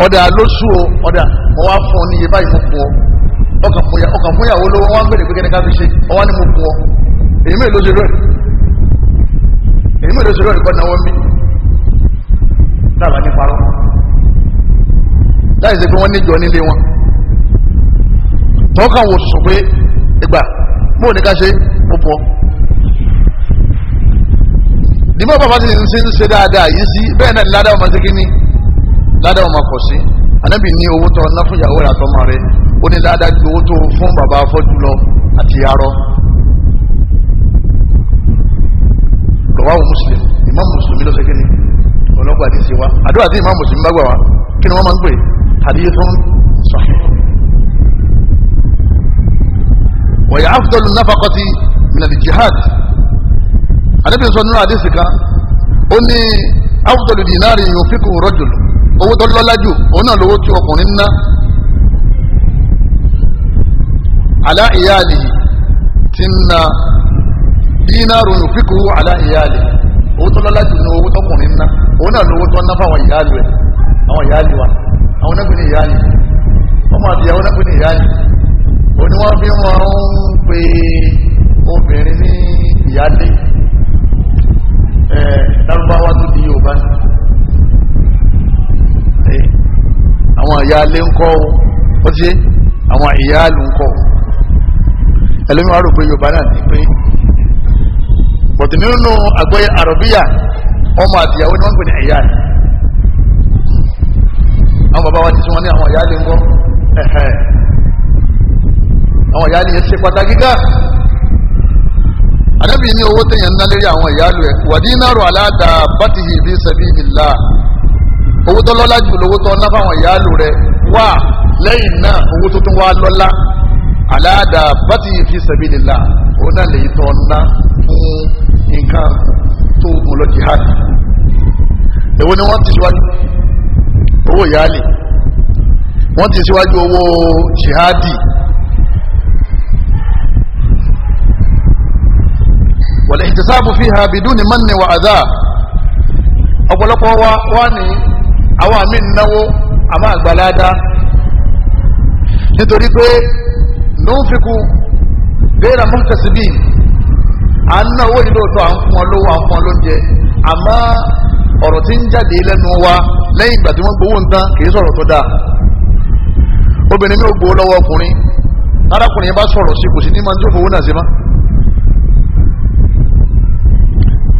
ọ̀dà lóṣù o ọ̀dà mo wá fún ọ ní iye báyìí mo bọ́ ọkàn fún ọkàn fún ìyàwó lọ́wọ́ wọn bèrè pé kẹ́ni ká fi ṣe ọwọ́ ni mo bọ́ èyí mẹ́rin ló ṣe lọ́ọ̀rì èyí mẹ́rin ló ṣe lọ́ọ̀rì kọ́ náwó mi dábàá ní parọ́ láì ṣe pé wọ́n níjọ nílé wọn tọ́kàn wò sùn pé ìgbà bóò ní ká ṣe ó pọ̀ dìbò bàbá ti ń ṣe ń ṣe dáadáa yìí sí bẹ́ẹ̀ náà ládàá ọmọ ṣẹ́gi ní ládàá ọmọ kọ̀ sí anábì ní owó tọ́ ná fún ìyàwó rẹ̀ àtọmọ rẹ̀ ó ní ládàá ju owó tó fún bàbá afọ́jú lọ àti arọ lọ́wọ́ mùsùlùmí ìmọ̀ mùsùlùmí ló ṣẹ́gi ní ọlọ́gbà ti ṣe wa àdúrà tí ìmọ̀ mùsùlùmí bá gbà wá kí ni wọ́n máa ń pè wọ̀yà afdọ́lù náfàkọ́tì minal jihad àdébí sọ nínú àdéhùn kan ó ní afdọ́lù dìnnárì yóò fi kún rọ́jòlù owó tó lọ́lá jù òun náà lówó tí ọkùnrin ná alá ìyáàlì ti na dínárù yóò fi kún alá ìyáàlì owó tó lọ́lá jù ní owó tọkùnrin ná òun náà lówó tó ná fáwọn ìyáàlì rẹ̀ àwọn ìyáàlì wa àwọn náà gbé ní ìyáàlì ọmọ àti ìyàwó náà ó wọ́n fi wọ́n ń pe obìnrin ní ìyálé lárúbáwá tó di yorùbá àwọn ìyálé ń kọ́ ó ti àwọn ìyálù ń kọ́ ẹlòmíwá rò pé yorùbá náà pé nínú àgbẹ̀ ọmọ àtìyàwó ni wọ́n ń pè ní ẹ̀yà àwọn bàbá wa ti sún wọn ní àwọn ìyá ni yẹn ṣe pàtàkì gan ànábì ní owó téèyàn ń ná lérí àwọn ìyáàlú ẹ wàdínàrò aláàdá bàtìhì bí sabilillah owó tó lọ́lá jù lówó tó ná fáwọn ìyáàlú rẹ wà lẹ́yìn náà owó tó tún wá lọ́lá aláàdá bàtìhì fi sabilillah òun náà lèyí tó ná fún nǹkan tó mú lọ jihad èwo ni wọ́n ti síwájú owó ìyáàlì wọ́n ti síwájú owó jihadi. wal ihtisabu fiha biduni manni wa adha ọ̀pọ̀lọpọ̀ wa wá ní àwọn àmì ìnáwó àmọ́ àgbàláda nítorí pé nùfikù bẹ́ẹ̀rẹ̀ mọ́kàsíbì à ń náwó ní lóòótọ́ à ń fún ọ lówó à ń fún ọ lóúnjẹ àmọ́ ọ̀rọ̀ tí ń jáde lẹ́nu wa lẹ́yìn ìgbà tí wọ́n gbowó ń tán kì í sọ̀rọ̀ tó dáa obìnrin mi ò gbowó lọ́wọ́ ọkùnrin arákùnrin bá sọ̀rọ̀ sí kò sí ní máa ń tó fowó náà sí máa.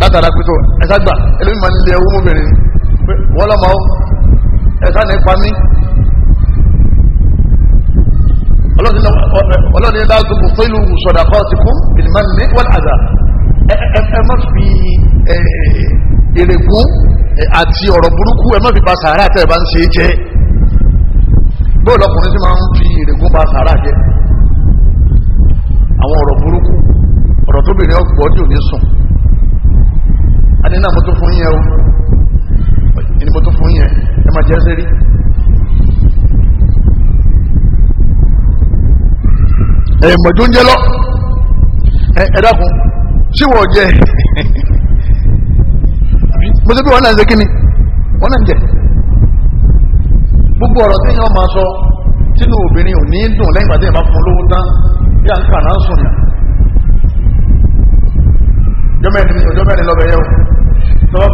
látara pẹ̀tọ̀ ẹ̀sà gbà ẹlẹ́mì máa ń lé owó mọ́bìnrin wọ́n lọ́mọ ó ẹ̀sà ní pa mí ọlọ́ni ẹ̀dá gbogbo fẹ́lú sọ̀dàkọ́ ti kún ìdìmọ́ ní wọ́n àdá ẹ má fi èrègún àti ọ̀rọ̀ burúkú ẹ má fi ba sàárà tẹ́ ẹ bá ń ṣe jẹ́ bóòlù ọkùnrin tí máa ń fi èrègún ba sàárà jẹ́ àwọn ọ̀rọ̀ burúkú ọ̀rọ̀ tóbi ni ọgbọ́n tí ní sùn adé na mo tó fún yẹn o ẹni mo tó fún yẹn ẹ máa jẹ́ sẹ́rí. ẹ mọ̀jọ́ ń jẹ́ lọ ẹ dákun ṣé wọ́n jẹ́ mo ṣe bí wọ́n náà ń ṣe kí ni náà ń jẹ́ gbogbo ọ̀rọ̀ tí yẹn máa sọ tínú obìnrin ò ní dùn lẹ́yìn ìgbà tí yẹn bá fún un lówó tán bí à ń kà náà sùn yàn jọ́mẹ́rin ni òjọ́mẹ́rin lọ́bẹ̀ yẹ́ o tọ́wọ́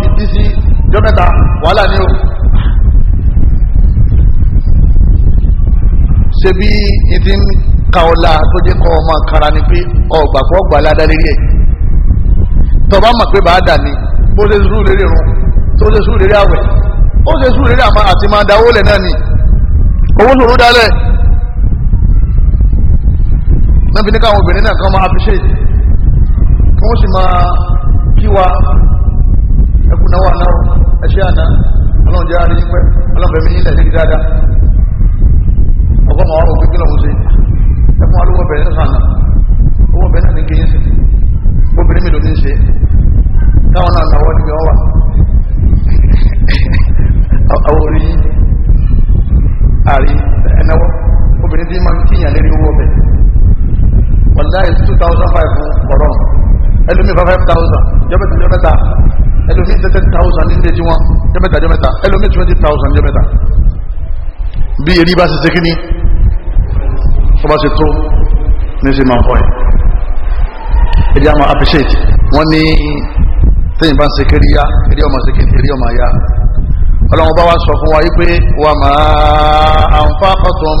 fi bí sí jọ́mẹ́ta wàhálà ni o ṣe bí i ti ń ka ọlá tó jẹ́ kọ́ ọmọ kara ni pé ọgbà kọ́ ọgbà ládàlérí ẹ̀ tọba mọ̀ pé bàá dà ní bó ṣe sùúrù lérí irun tó ṣe sùúrù lérí àwẹ̀ ó ṣe sùúrù lérí àmọ́ àti máa dáwó lẹ̀ náà ni owó ṣòro dálẹ̀ náà fi obìnrin náà kan máa appreciate wọ́n sì máa kí wa ẹkùn náà wà náà ẹṣẹ́ àná ọlọ́run jẹ́ àárín pẹ́ ọlọ́run bẹ̀mí nílẹ̀ ṣe kí dáadáa ọgọ́mọ̀ ọ̀rọ̀ òkè kí lọ́wọ́ ṣe ẹkùn alówó bẹ̀rẹ̀ sànà owó bẹ̀rẹ̀ ní kéyìn sí obìnrin mi ló ní ṣe táwọn náà náwó níbi wọn àwọn orí àrí ẹnáwó obìnrin tí máa ń kíyàn lérí owó bẹ̀ wọ́n láì 2005 ọ̀rọ̀ ẹlòmí fa five thousand jọ́mẹ́ta jọ́mẹ́ta ẹlòmí ten thousand nílé tí wọ́n jọ́mẹ́ta jọ́mẹ́ta ẹlòmí twenty thousand jọ́mẹ́ta bí èrí bá ṣe ṣe kí ni tó bá ṣe tó ní ṣe máa fọ́ ẹ̀ ẹ̀dí àmọ́ appreciate wọ́n ní tẹ́yìn bá ń ṣe kiri ya eré ọmọ ṣe kiri ọmọ ya ọlọ́run bá wa sọ fún wa yí pé wà máa anfaqtum.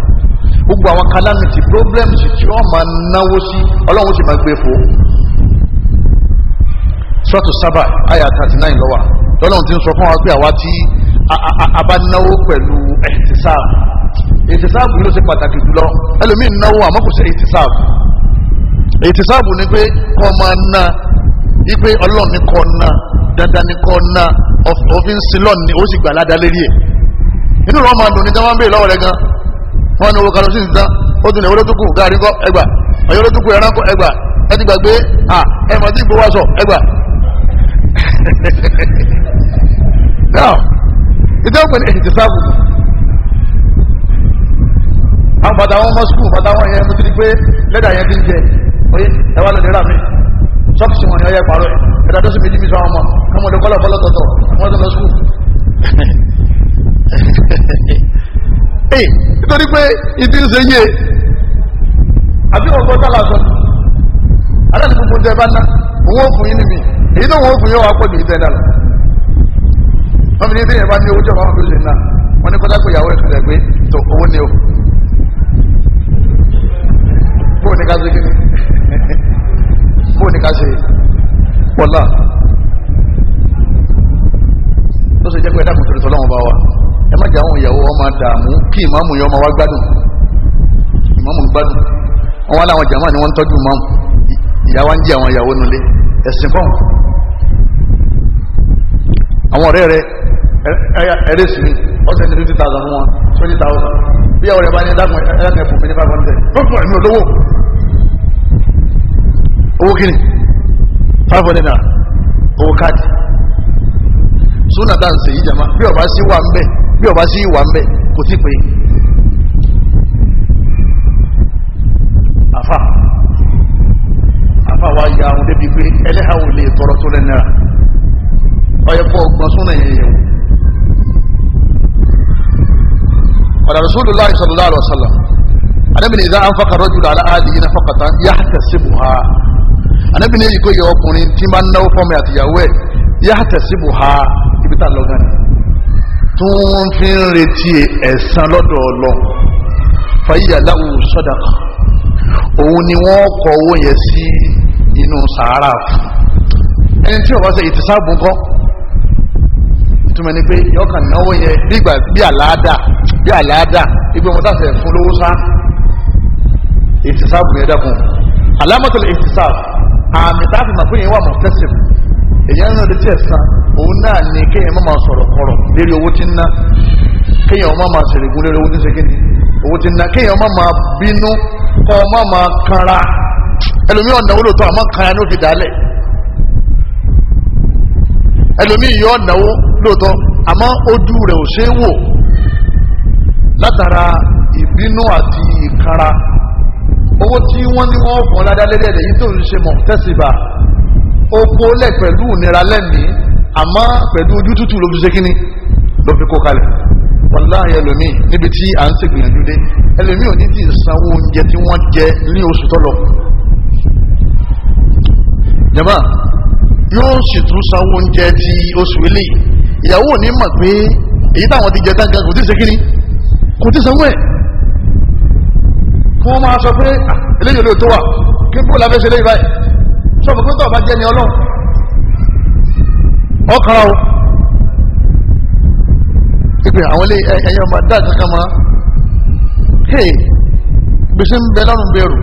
gbogbo àwọn calamity problems tí wọ́n máa náwó sí ọlọ́run sì máa gbé fò sọ́tù sábà àyà thirty nine lọ́lọ́run ti ń sọ fún wa pé àwa tí a bá náwó pẹ̀lú ẹ̀tìsáàbù ẹ̀tìsáàbù ló ṣe pàtàkì jùlọ ẹlòmíín náwó àmọ́ kò ṣe ẹ̀tìsáàbù ẹ̀tìsáàbù ni pé kọ́ máa ná ipe ọlọ́run ni kọ́ ná dandan ni kọ́ ná òfin ó sì gbà ládàá lérí ẹ̀ inú wọn ní owó kanu sí ti tán ó tún ẹ̀wọ́ lótúkù gàrí kọ́ ẹgbà ọ̀yọ́ lótúkù ẹran ẹgbà ẹ ti gbàgbé à ẹ mọ̀ tí gbowó aṣọ ẹgbà. now ìjọba pẹ̀lú èyí ti sáàbù àwọn bàtà wọn mọ sukùl bàtà wọn yẹn mo ti di pé lẹ́dà yẹn ti ń jẹ oye ẹ wá lọ́dẹ̀ rà mí sọ́ọ̀kì wọn ni ọ̀yẹ́ pàrọ̀ ẹ̀ ẹ̀dá tó sì méjì mi sọ àwọn ọmọ ọmọdé kọ́lọ̀ fọlọ́ tọ̀tọ̀ wọ́n tó lọ sukùl. ee eh, nítorí pé ìdí ń ṣe yé àbí ọgbọ́n tá lásán aláàbí gbogbo ń tẹ bá ná òun òfin yín níbi èyí tó òun òfin yóò wá pọ̀ ju ìtẹ́ dàlọ́ wọ́n fi ní tí yẹn bá ní owó jọba wọn lè ná ní pé ìyàwó má jà àwọn ìyàwó ọmọ dààmú kí ìmáàmù yọ ọmọ wa gbádùn ìmáàmù gbádùn wọn wá láwọn jàmáà ni wọn tọ́jú ìmáàmù ìyá wa ń jẹ àwọn ìyàwó nulẹ ẹsìn fún àwọn ọ̀rẹ́ rẹ ẹrẹ sí ni ọsẹ ní fifty thousand wọn twenty thousand bí ọ̀rẹ́ bá ní dákun ẹlẹkùn ẹbùn mi ní five hundred olówó owó five hundred naira owó káàdì bí ọba sí wà ń bí ọba sí ìwà mbẹ kò tí pé àfà àfà wa ya àwọn débi pé ẹlẹ́hà ò lè tọrọ tó lẹ́nu náà ọyẹ pọ̀ ọgbọ́n súnà yẹn yẹn wò ọ̀dà rasulullah sallallahu alaihi wasallam anabini idan an faka rajulu ala alihi na fakata yahtasibuha anabini yi ko yẹ ọkùnrin tí ma ń náwó fọmọ àtìyàwó ẹ yahtasibuha ibi tá a lọ gan ni tí wọ́n fi ń retí ẹ̀san lọ́dọ̀ ọlọ́run fàyíyà láwù sọ́dàkà òun ni wọ́n kọ owó yẹn sí inú sàárà fún ẹni tí wọ́n bá ṣe ìtìsáàbù kọ́ ìtumọ̀ ni pé yọkàn náwó yẹn bígbà bí àlàáda bí àlàáda ibi wọn tàṣẹ fún lówó sá ìtìsáàbù yẹn dẹ́kun alámọ̀tò ìtìsáàbù àmì táàbù màpé wà mọ̀ tẹ́sìm èyí ń kéèyàn má máa sọ̀rọ̀ kọ̀rọ̀ lérí owó tí ń ná kéèyàn má máa ṣèrègùn lérí owó tí ń ṣe kéde owó tí ń ná kéèyàn má máa bínú kọ́ má máa kanra ẹlòmíì ọ̀nà owó lòótọ́ àmọ́ kanra ló fi dálẹ̀ ẹlòmíì yọ ọ̀nà lòótọ́ àmọ́ ojú rẹ̀ ò ṣeé wò látara ìbínú àti ìkanra owó tí wọ́n ní wọ́n fọ́ ládá lérí yìí tó ń ṣe mọ̀ tẹ́síbà àmọ́ pẹ̀lú ojú tútù ló fi ṣe kíní ló fi kó kalẹ̀ wàláhì ẹlòmíì níbi tí à ń ṣègbìyànjú dé ẹlòmíì ò ní ti sanwó oúnjẹ tí wọ́n jẹ ní oṣù tó lọ jàmbá yóò sì tún sanwó oúnjẹ ti oṣù ilé ìyàwó ò ní mọ̀ pé èyí táwọn ti jẹ tán kò tí ṣe kíní kò tí sanwó ẹ̀ kí wọ́n máa sọ pé eléyìí olóòótọ́ wà kí n bó la fẹ́ ṣe léyìí báyìí sọ fún ọkàrà o ìpè àwọn ilé ẹ̀yàn ọmọ dá kankan mọ́ hey gbèsè ń bẹ lọ́rùn bẹ̀rù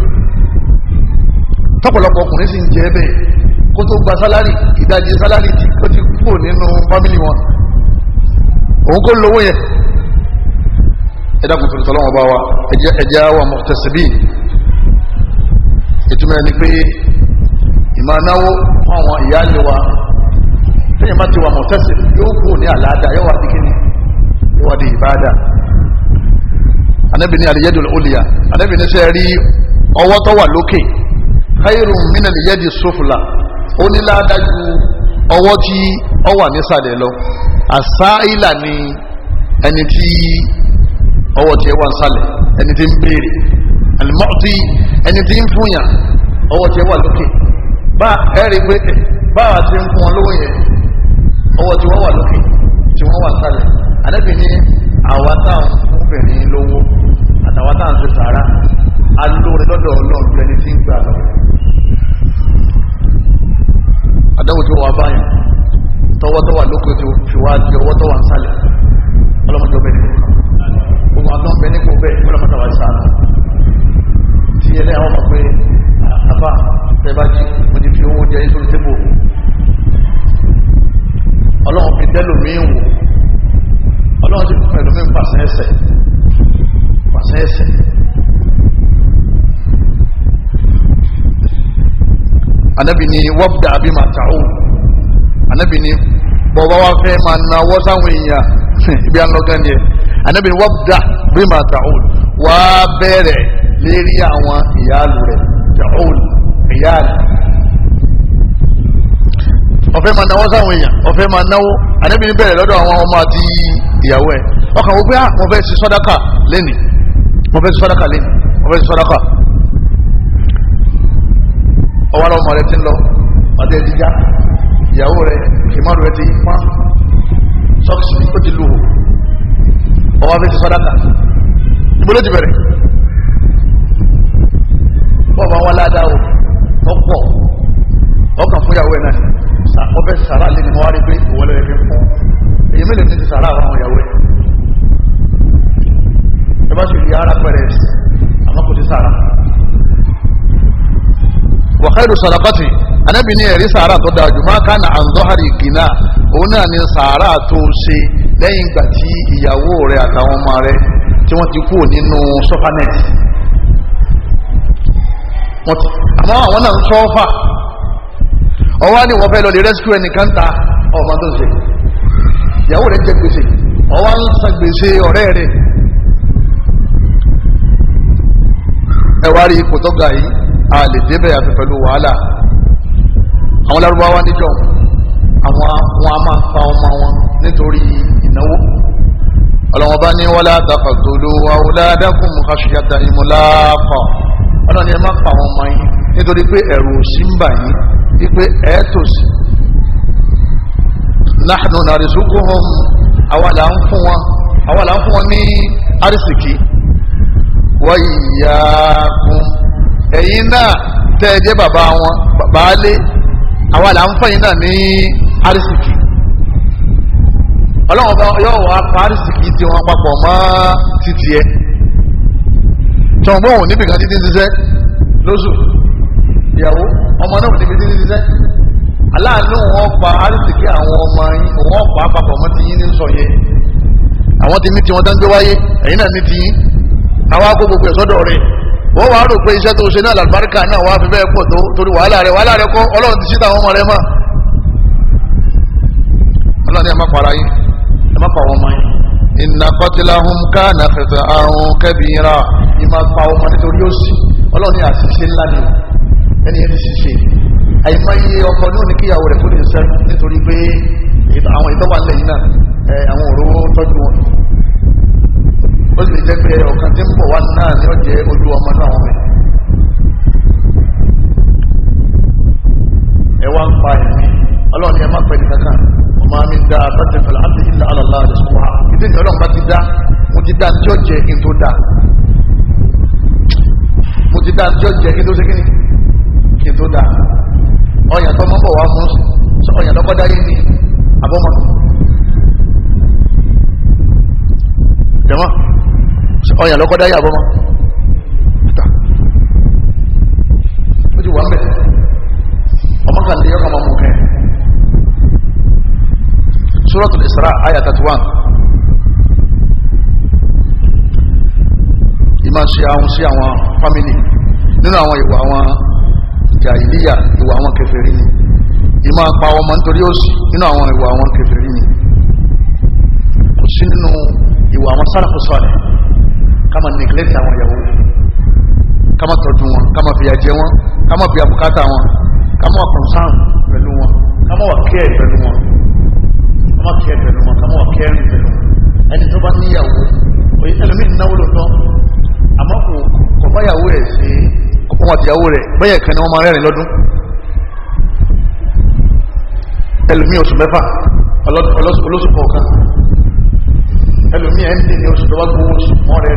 tọ́pọ̀lọpọ̀ ọkùnrin sì ń jẹ́ bẹ́ẹ̀ kó tó gba sálárì ìdajì sálárì tí ó ti kúrò nínú fámìlì wọn òun kò lówó yẹn ẹ̀dá kò tòrò tọ́lọ́wọ́ bá wa ẹ̀jẹ̀ àwọn mọ̀tẹ́sẹ̀bí ìtumọ̀ ẹni pé ìmọ̀ náwó fún àwọn ìyáálé wa tẹ́yìn bá ti wà mọ̀tẹ́sì yóò kú ní àlàáda yóò wà ní kíni yóò wà ní ìbáadà anabini aliyadu oliya anabini sẹ rí ọwọ́ tó wà lókè khairun mina aliyadi sufla ó ní ládàjú ọwọ́ tí ó wà nísàlẹ̀ lọ àsáìlà ni ẹni tí ọwọ́ tí ẹ wà nísàlẹ̀ ẹni tí ń béèrè ẹni tí ń fúnyà ọwọ́ tí ẹ wà lókè bá ẹ rí pé báwa ti ń fún ọ lóyè ọwọ́ tí wọ́n wà lókè tí wọ́n wà sálẹ̀ ànábì ní àwa táwọn obìnrin lówó àtàwa táwọn ti sàárà alóore lọ́dọ̀ ọlọ́run ju ẹni tí ń gbà lọ. àdáwò tí wọ́n wà báyìí tọwọ́ tó wà lókè tí fi wá di ọwọ́ tó wà ń sálẹ̀ ọlọ́mọdé ọbẹ̀ nìkan gbogbo àtọ́ ọbẹ̀ ọlọ́run fi dẹ́lòmíín wò ọlọ́run ti fún ẹlòmíín pàṣẹ ẹsẹ̀ pàṣẹ ẹsẹ̀ anabi ni wọ́pdà àbí màtàún anabi ni bọ̀bá wa fẹ́ máa náwó sáwọn èèyàn ibi àlọ́gán ni ẹ anabi ni wọ́pdà àbí màtàún wàá bẹ̀rẹ̀ lérí àwọn ìyáàlú rẹ̀ ìyáàlú ọ̀fẹ́ máa náwó sáwọn èèyàn ọ̀fẹ́ máa náwó ànábì ní bẹ̀rẹ̀ lọ́dọ̀ àwọn ọmọ àti ìyàwó ẹ̀ ọkàn wọ́n pé á ah, mo fẹ́ sí sọ́dáka lẹ́nì mo fẹ́ sí sọ́dáka lẹ́nì mo fẹ́ sí sọ́dáka ọwọ́ àwọn ọmọ rẹ ti ń lọ ọdẹ jíjá ìyàwó rẹ ìmọ̀rù rẹ ti pa sọ́ọ̀sì ó ti lu ọwọ́ fẹ́ sí sọ́dáka ìbò ti bẹ̀rẹ̀ bọ́ọ̀ bá wọn ládàá o ọ̀pọ̀ ọkàn fúnyàwó ẹ̀ náà ọbẹ̀ sàrà lè ní wọ́n rí pé ìwọlẹ̀ rẹ̀ fi fún èyí mélòó ti sàrà àwọn ọmọ ìyàwó ẹ̀ ẹ bá sì rí ara pẹ̀rẹ̀ ẹ̀sìn àmọ́ kò sí sàrà wàhálù sàràkọ́tì anábì ní ẹ̀rí sàrà tó dáa jù máa kánà àǹdọ́hárì gínà òun náà ni sàrà tó ṣe lẹ́yìn ìgbà tí ìyàwó rẹ̀ àtàwọn ọmọ rẹ̀ tí wọ́n ti kú nínú sọ́fánẹ́tì àmọ́ àwọn náà ń sọ́fà ọwọ́ ni wọ́n fẹ́ lọ lè rescue ẹnìkan ta ọmọ tó ṣe ìyàwó rẹ̀ jẹ gbèsè ọwọ́ ń san gbèsè ọ̀rẹ́ rẹ̀ ẹ rí ipò tó ga yìí a lè débẹ̀ àfi pẹ̀lú wàhálà àwọn lárúbáwá níjọ àwọn wọn a máa fa ọmọ wọn nítorí ìnáwó ọlọ́wọ́n bá ní wala taqtulu awladakum khashyata imlaq ọlọ́ni ẹ má pa àwọn ọmọ yín nítorí pé ẹ̀rù òṣì ń bà yín ipe ẹ̀ẹ́tòsí nahnu narzuquhum àwa là ń fún wọn àwa ń fún wọn ní náà bàbá wọn baálé àwa ń fún ẹ̀yin náà ní arísìkí ọlọ́run bá yóò wá pa arísìkí tí wọ́n papọ̀ mọ́ títí ìyàwó ọmọ náà níbi tí níbi sẹ́ aláàánú wọn pa àrísìkí àwọn ọmọ yín wọn pa papọ̀ mọ́ ti yín ní sọ yẹn àwọn ti ní tiwọn tó ń wáyé ẹ̀yin náà ní ti yín àwa kó gbogbo ẹ̀ sọ́dọ̀ rẹ̀ wàá rò pé iṣẹ́ tó ṣe náà làlùbáríkà náà wàá fi bẹ́ẹ̀ pọ̀ tó torí wàhálà rẹ̀ wàhálà rẹ̀ kọ́ ọlọ́run ti ṣí táwọn ọmọ rẹ̀ mọ́ ọlọ́run ni ẹ má para yín ẹ má pa àwọn ọmọ yín inna qatlahum kana khata'an kabira ìmọ̀ pa ọmọ nítorí òsì ọlọ́run ni àṣìṣe ńlá ni ẹni yẹn ti ṣiṣẹ́ àìmọye ọkọ náà ní kíyàwó rẹ̀ fún ìṣẹ́ nítorí pé àwọn ìtọ́wà lẹ́yìn náà àwọn òróró tọ́jú wọn ó sì jẹ́ pé ọ̀kan tí ń bọ̀ wá náà ni ó jẹ́ ojú ọmọ náà wọn ẹ wá ń pa ẹ̀mí ọlọ́run ni ẹ má pẹ̀lú kankan ọmọ mi dá abájẹ fẹlẹ àti ilẹ̀ alọ́lá rẹ̀ sọ́wọ́ ìdí ni ọlọ́run bá ti dá mo ti dá tí ó jẹ́ kí n tó dá mo ti dá tí ó jẹ́ kí n tó ṣe kí ni ṣe tó dáa ọyàn tó mọ́ bọ̀ wá fún sí ọyàn lọ́kọ́ dáyé ní abọ́mọ́ jẹ́mọ́ ọyàn lọ́kọ́ dáyé abọ́mọ́ ta ó ti wà ń ọmọ kan lè yọkọ̀ mọ́mú kẹ́ Suratul Isra ayat 31 ìmọ̀ sí àwọn sí àwọn fámìlì nínú àwọn ìwà àwọn jàìlíyà ìwà àwọn kèfèrí ni ìmọ̀ apá ọmọ nítorí òsì nínú àwọn ìwà àwọn kèfèrí ni kò sí nínú ìwà àwọn sálàkóso rẹ̀ ká máa neglect àwọn ìyàwó ká máa tọ́jú wọn ká máa fìyà jẹ wọn ká máa fìyà bùkátà wọn ká concern pẹ̀lú wọn ká wà care pẹ̀lú wọn ká care pẹ̀lú wọn ká wà caring pẹ̀lú wọn ẹni tó bá níyàwó ẹlòmíì náwó lọ́tọ́ àmọ́ kò kò báyàwó ẹ̀ ṣe wọn àtìyàwó rẹ̀ bẹ́yẹ̀ kan ni wọ́n máa rẹ́rìn lọ́dún ẹlòmí oṣù mẹ́fà olóṣù kọ̀ọ̀kan ẹlòmí ẹ̀ ń dè ní oṣù tó bá gbowó oṣù wọn rẹ̀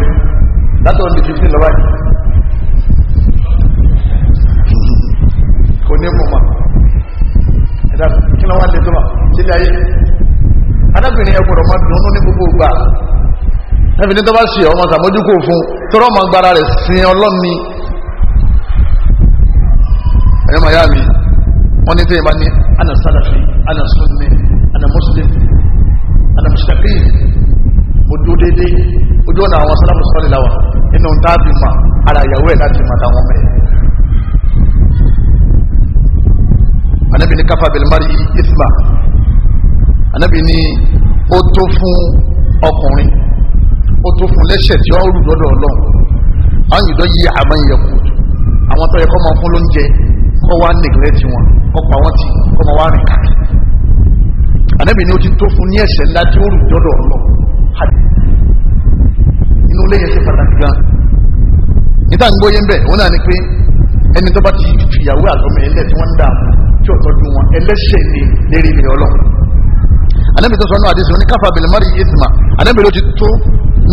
látọ̀ ní fífín lọ́wọ́ yìí kò ní mọ̀ mọ́ ẹ̀dá kí ló wá lè tó wà sílé ayé arábìnrin ẹ gbọ́dọ̀ máa dùn ún ní gbogbo ìgbà ẹbí ní tó bá ṣe ọmọ sàmójúkò fún tọrọ máa gbára rẹ̀ sin ọlọ́ni ẹ̀yọ́ màá mi wọ́n ní tẹ́yìn bá ní ana salafi ana sunni ana muslim ana mustaqim mo dúró déédéé ojú ọ̀nà àwọn salafu sọ́ọ̀lì láwà nínú dáàbì mà ara ìyàwó ẹ̀ láti mà táwọn mẹ́rin. anabi ní kafa bil mar'i isma anabi ní ó tó fún ọkùnrin ó tó fún lẹ́sẹ̀ tí wọ́n rú lọ́dọ̀ ọlọ́run àwọn yìí lọ yí àmọ́ ìyẹ̀kú àwọn tó yẹ kọ́ máa fún lóúnjẹ kọ́ wá nìgírẹ́tì wọn kọ́ pa wọ́n ti kọ́ ma wá rìn káàkiri ànábì ni ó ti tó fún ní ẹ̀ṣẹ̀ ńlá tí ó rù jọ́dọ̀ ọ̀lọ́ inú ilé yẹn ṣe pàtàkì gan níta ń gbóyè ń bẹ̀ òun náà ni pé ẹni tó bá ti fìyàwó àtọmọ ẹlẹ́ tí wọ́n ń dààmú tí ó tọ́jú wọn ẹlẹ́ṣẹ̀ ni lérí ilé ọlọ́ ànábì tó sọ nínú àdéhùn ní káfà bẹ̀lẹ̀ mari yézìmá ànábì ló ti tó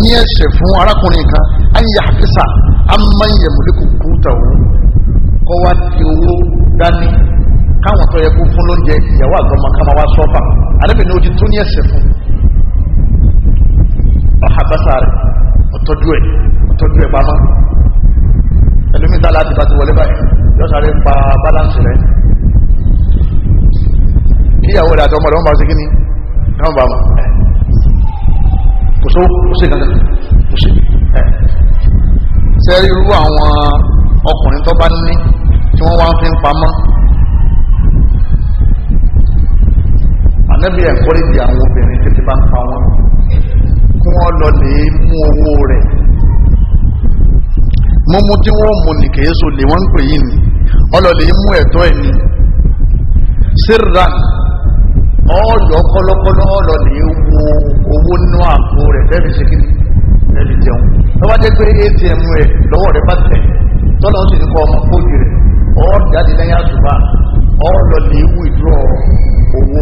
ní ẹ̀ṣẹ̀ fún arákùnrin kan ayé àfisà amáyẹ̀múlẹ́kùn kúta òun kọ́ wá ti owó dání káwọn tó yẹ kó fún lóúnjẹ ìyàwó àgbọ̀mọ ká máa wá sọ́fà àdébẹ̀ ni ó ti tún ní ẹ̀sẹ̀ fún ọ̀hábásá rẹ̀ ọ̀tọ́jú ẹ̀ ọ̀tọ́jú ẹ̀ pamọ́ ẹlòmíta láti bá ti wọlé báyìí yọ́sàrẹ́ pa báláǹsì rẹ̀ kíyàwó rẹ̀ àti ọmọ rẹ̀ wọ́n bá ṣe kíní káwọn bá mọ̀ kò sí kankan kò sí sẹ́rí irú àwọn ọkùnrin tó bá ní tí wọ́n wá ń fi ń pamọ́ ànábì ẹ̀kọ́rẹ́jì àwọn obìnrin títí bá ń pa wọn kí wọ́n lọ lè mú owó rẹ̀ mímú tí wọ́n mú ní kèéso lè wọ́n ń pè yìí ni ọlọ́lẹ̀ mú ẹ̀tọ́ ẹ̀ ni síràn ọ̀ọ́lọ́ kọ́lọ́kọ́lọ́ ọlọ́lẹ̀ wo owó nínú àpò rẹ̀ tẹ́lẹ̀ ṣe kí tẹ́lẹ̀ jẹun lọ́wọ́ jẹ́ pé atm rẹ̀ lọ́wọ́ rẹ̀ bá tẹ̀ tọ́lọ́ sì ní kọ́ ọmọ kóòdì rẹ̀ ọ́ jáde lẹ́yìn àtùbà ọ́ lọ lè wù ìdúró owó.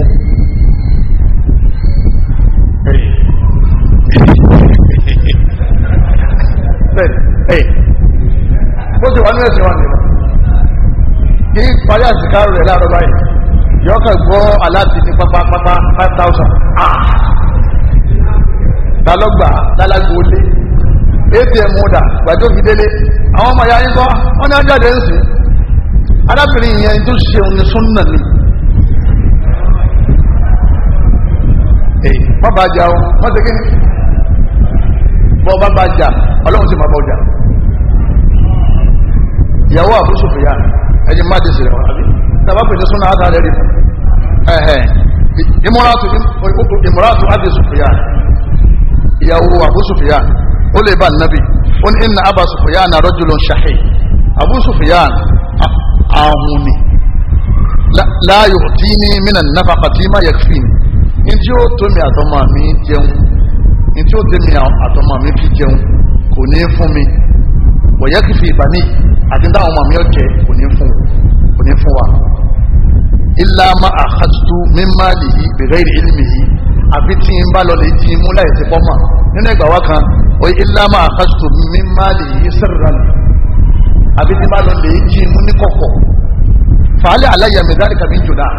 bó ṣe wà ní ẹ̀sìn wa nìyẹn kí parí àsìká rẹ̀ láàárọ̀ báyìí yọkọ̀ gbọ́ aláàtì ní pápápápá five thousand. ta ah. ló gbà lálágbó atm da gbàjọ́ fi délé àwọn ọmọ ya yín kọ́ wọ́n ní ajáde ń sìn arábìnrin yẹn tó ṣe òun ni. má bàa o má ṣe kíni bọ́ bá bàa jà ọlọ́run ìyàwó àbúṣùfù yá ẹni má wọn àbí tàbá pèsè ìmúratù ya ìyàwó ó lè bá nàbì ó ní inna Aba Sufyan rajulun shahih Abu Sufyan ah, ahun ni la yu'tini minan nafaqati ma yakfini ntí ó tó mi àtọmọ mi jẹun ntí ó tó mi àtọmọ mi fi jẹun kò ní fún mi wa yakfi bani àti táwọn ọmọ mi ò jẹ kò ní fún kò ní fún wa illa ma akhadtu min malihi bighayri ilmihi àfi tí n bá lọ lè ti mú láì ti pọ́ mọ́ nínú ìgbà wa kan وإلا أخذت من مالي سرا أبي مال لي جيم نكوكو فعل علي من ذلك من جناح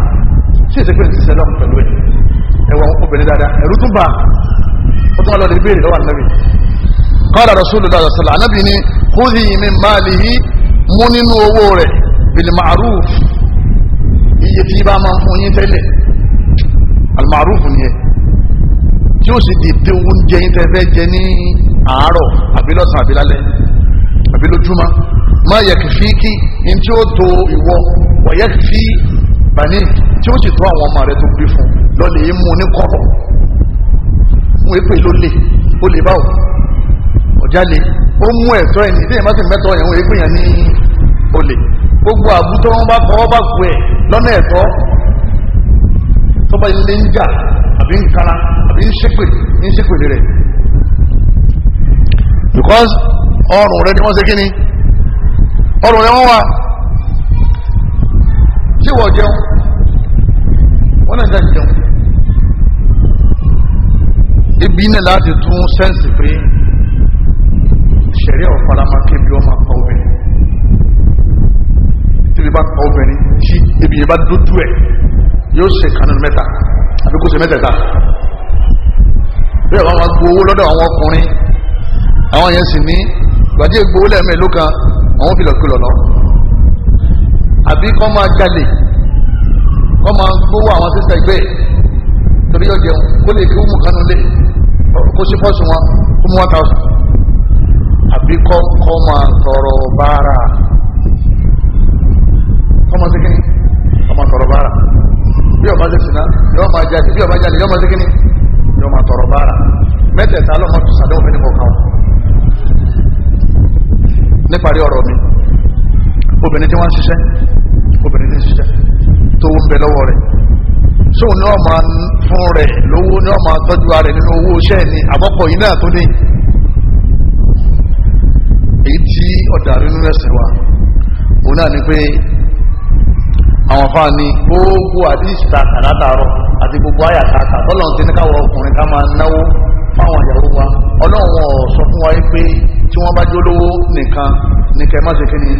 سيدك بنت السلام تلوي هو أبن دادا رتبة وطبعا لبيري هو النبي قال رسول الله صلى الله عليه وسلم نبي خذي من ماله منين ووري بالمعروف يجيبها من فوني تلي المعروف نيه tí ó sì dìde oúnjẹ yín tẹ́fẹ́ jẹ ní àárọ̀ àbí lọ́sàn àbí lálẹ́ àbí lójúmọ́ má yẹ kìfí kí ní tí ó tó ìwọ wọ̀yẹ́ kìfí bani tí ó sì tó àwọn ọmọ rẹ tó gbé fún lọ́lẹ̀ yìí mú ní kọ̀rọ̀ fún èpè ló lè ó lè báwò ọ̀já lè ó mú ẹ̀tọ́ ẹni tí èèyàn bá sì mẹ́tọ́ yẹn wọ́n èpè yẹn ní olè gbogbo àbútọ́ wọn bá kọ́ bá kú ẹ̀ lọ́nà ẹ̀tọ́ tó bá ilé ń jà àbí ń kara àbí ń ṣépè ń ṣépè rẹ̀ because ọrùn rẹ̀ ni wọ́n ṣe kí ni ọrùn rẹ̀ wọ́n wà tí wọ́n jẹun wọ́n náà jáde jẹun ibi náà láti tún sẹ́ǹsì pé ṣẹ̀rí ọ̀farama kébi ọmọ àpá obìnrin tí ibi bá pa obìnrin tí ibi yẹn bá dójú ẹ̀ yóò ṣe kan nínú mẹ́ta àbí kó ṣe mẹ́tẹ̀ẹ̀ta bí àwọn máa gbowó lọ́dọ̀ àwọn ọkùnrin àwọn yẹn sì ní gbàdí gbowó lẹ́ẹ̀mẹ́lú kan àwọn fi lọ́kìlọ̀ lọ àbí kọ́ máa jalè kọ́ máa gbowó àwọn sísè gbé torí yóò jẹun kó lè kí wúmu kanú lé kó sí pọ́ọ̀sì wọn kó mú one thousand àbí kọ́ kọ́ máa tọrọ báárà kọ́ máa ṣe kí ni kọ́ máa tọrọ báárà ọba ṣe ṣìnà yóò máa jáde bí ọba jáde yóò máa ṣe kíni yóò máa tọrọ bára mẹ́tẹ̀ẹ̀ta lọ́mọ tó sàdéhùn fún ẹnìkan kan níparí ọ̀rọ̀ mi obìnrin tí wọ́n ń ṣiṣẹ́ obìnrin tí ń ṣiṣẹ́ tó ń bẹ lọ́wọ́ rẹ̀ sóun ní ọmọ fún rẹ̀ lówó ní ọmọ tọ́jú rẹ̀ nínú owó iṣẹ́ ni àbọ̀pọ̀ yìí náà tó níyìn èyí tí ọ̀dà rínú ẹ̀sìn wa òun náà ni pé àwọn afáà ní gbogbo ta kàlátàárọ̀ àti gbogbo àyàkàkà tọ́lọ̀ ti ní káwọ̀ ọkùnrin ká máa náwó fáwọn ìyàwó wa ọlọ́run sọ fún wa pé tí wọ́n bá jólówó nìkan ní kẹmọ́sí kí ni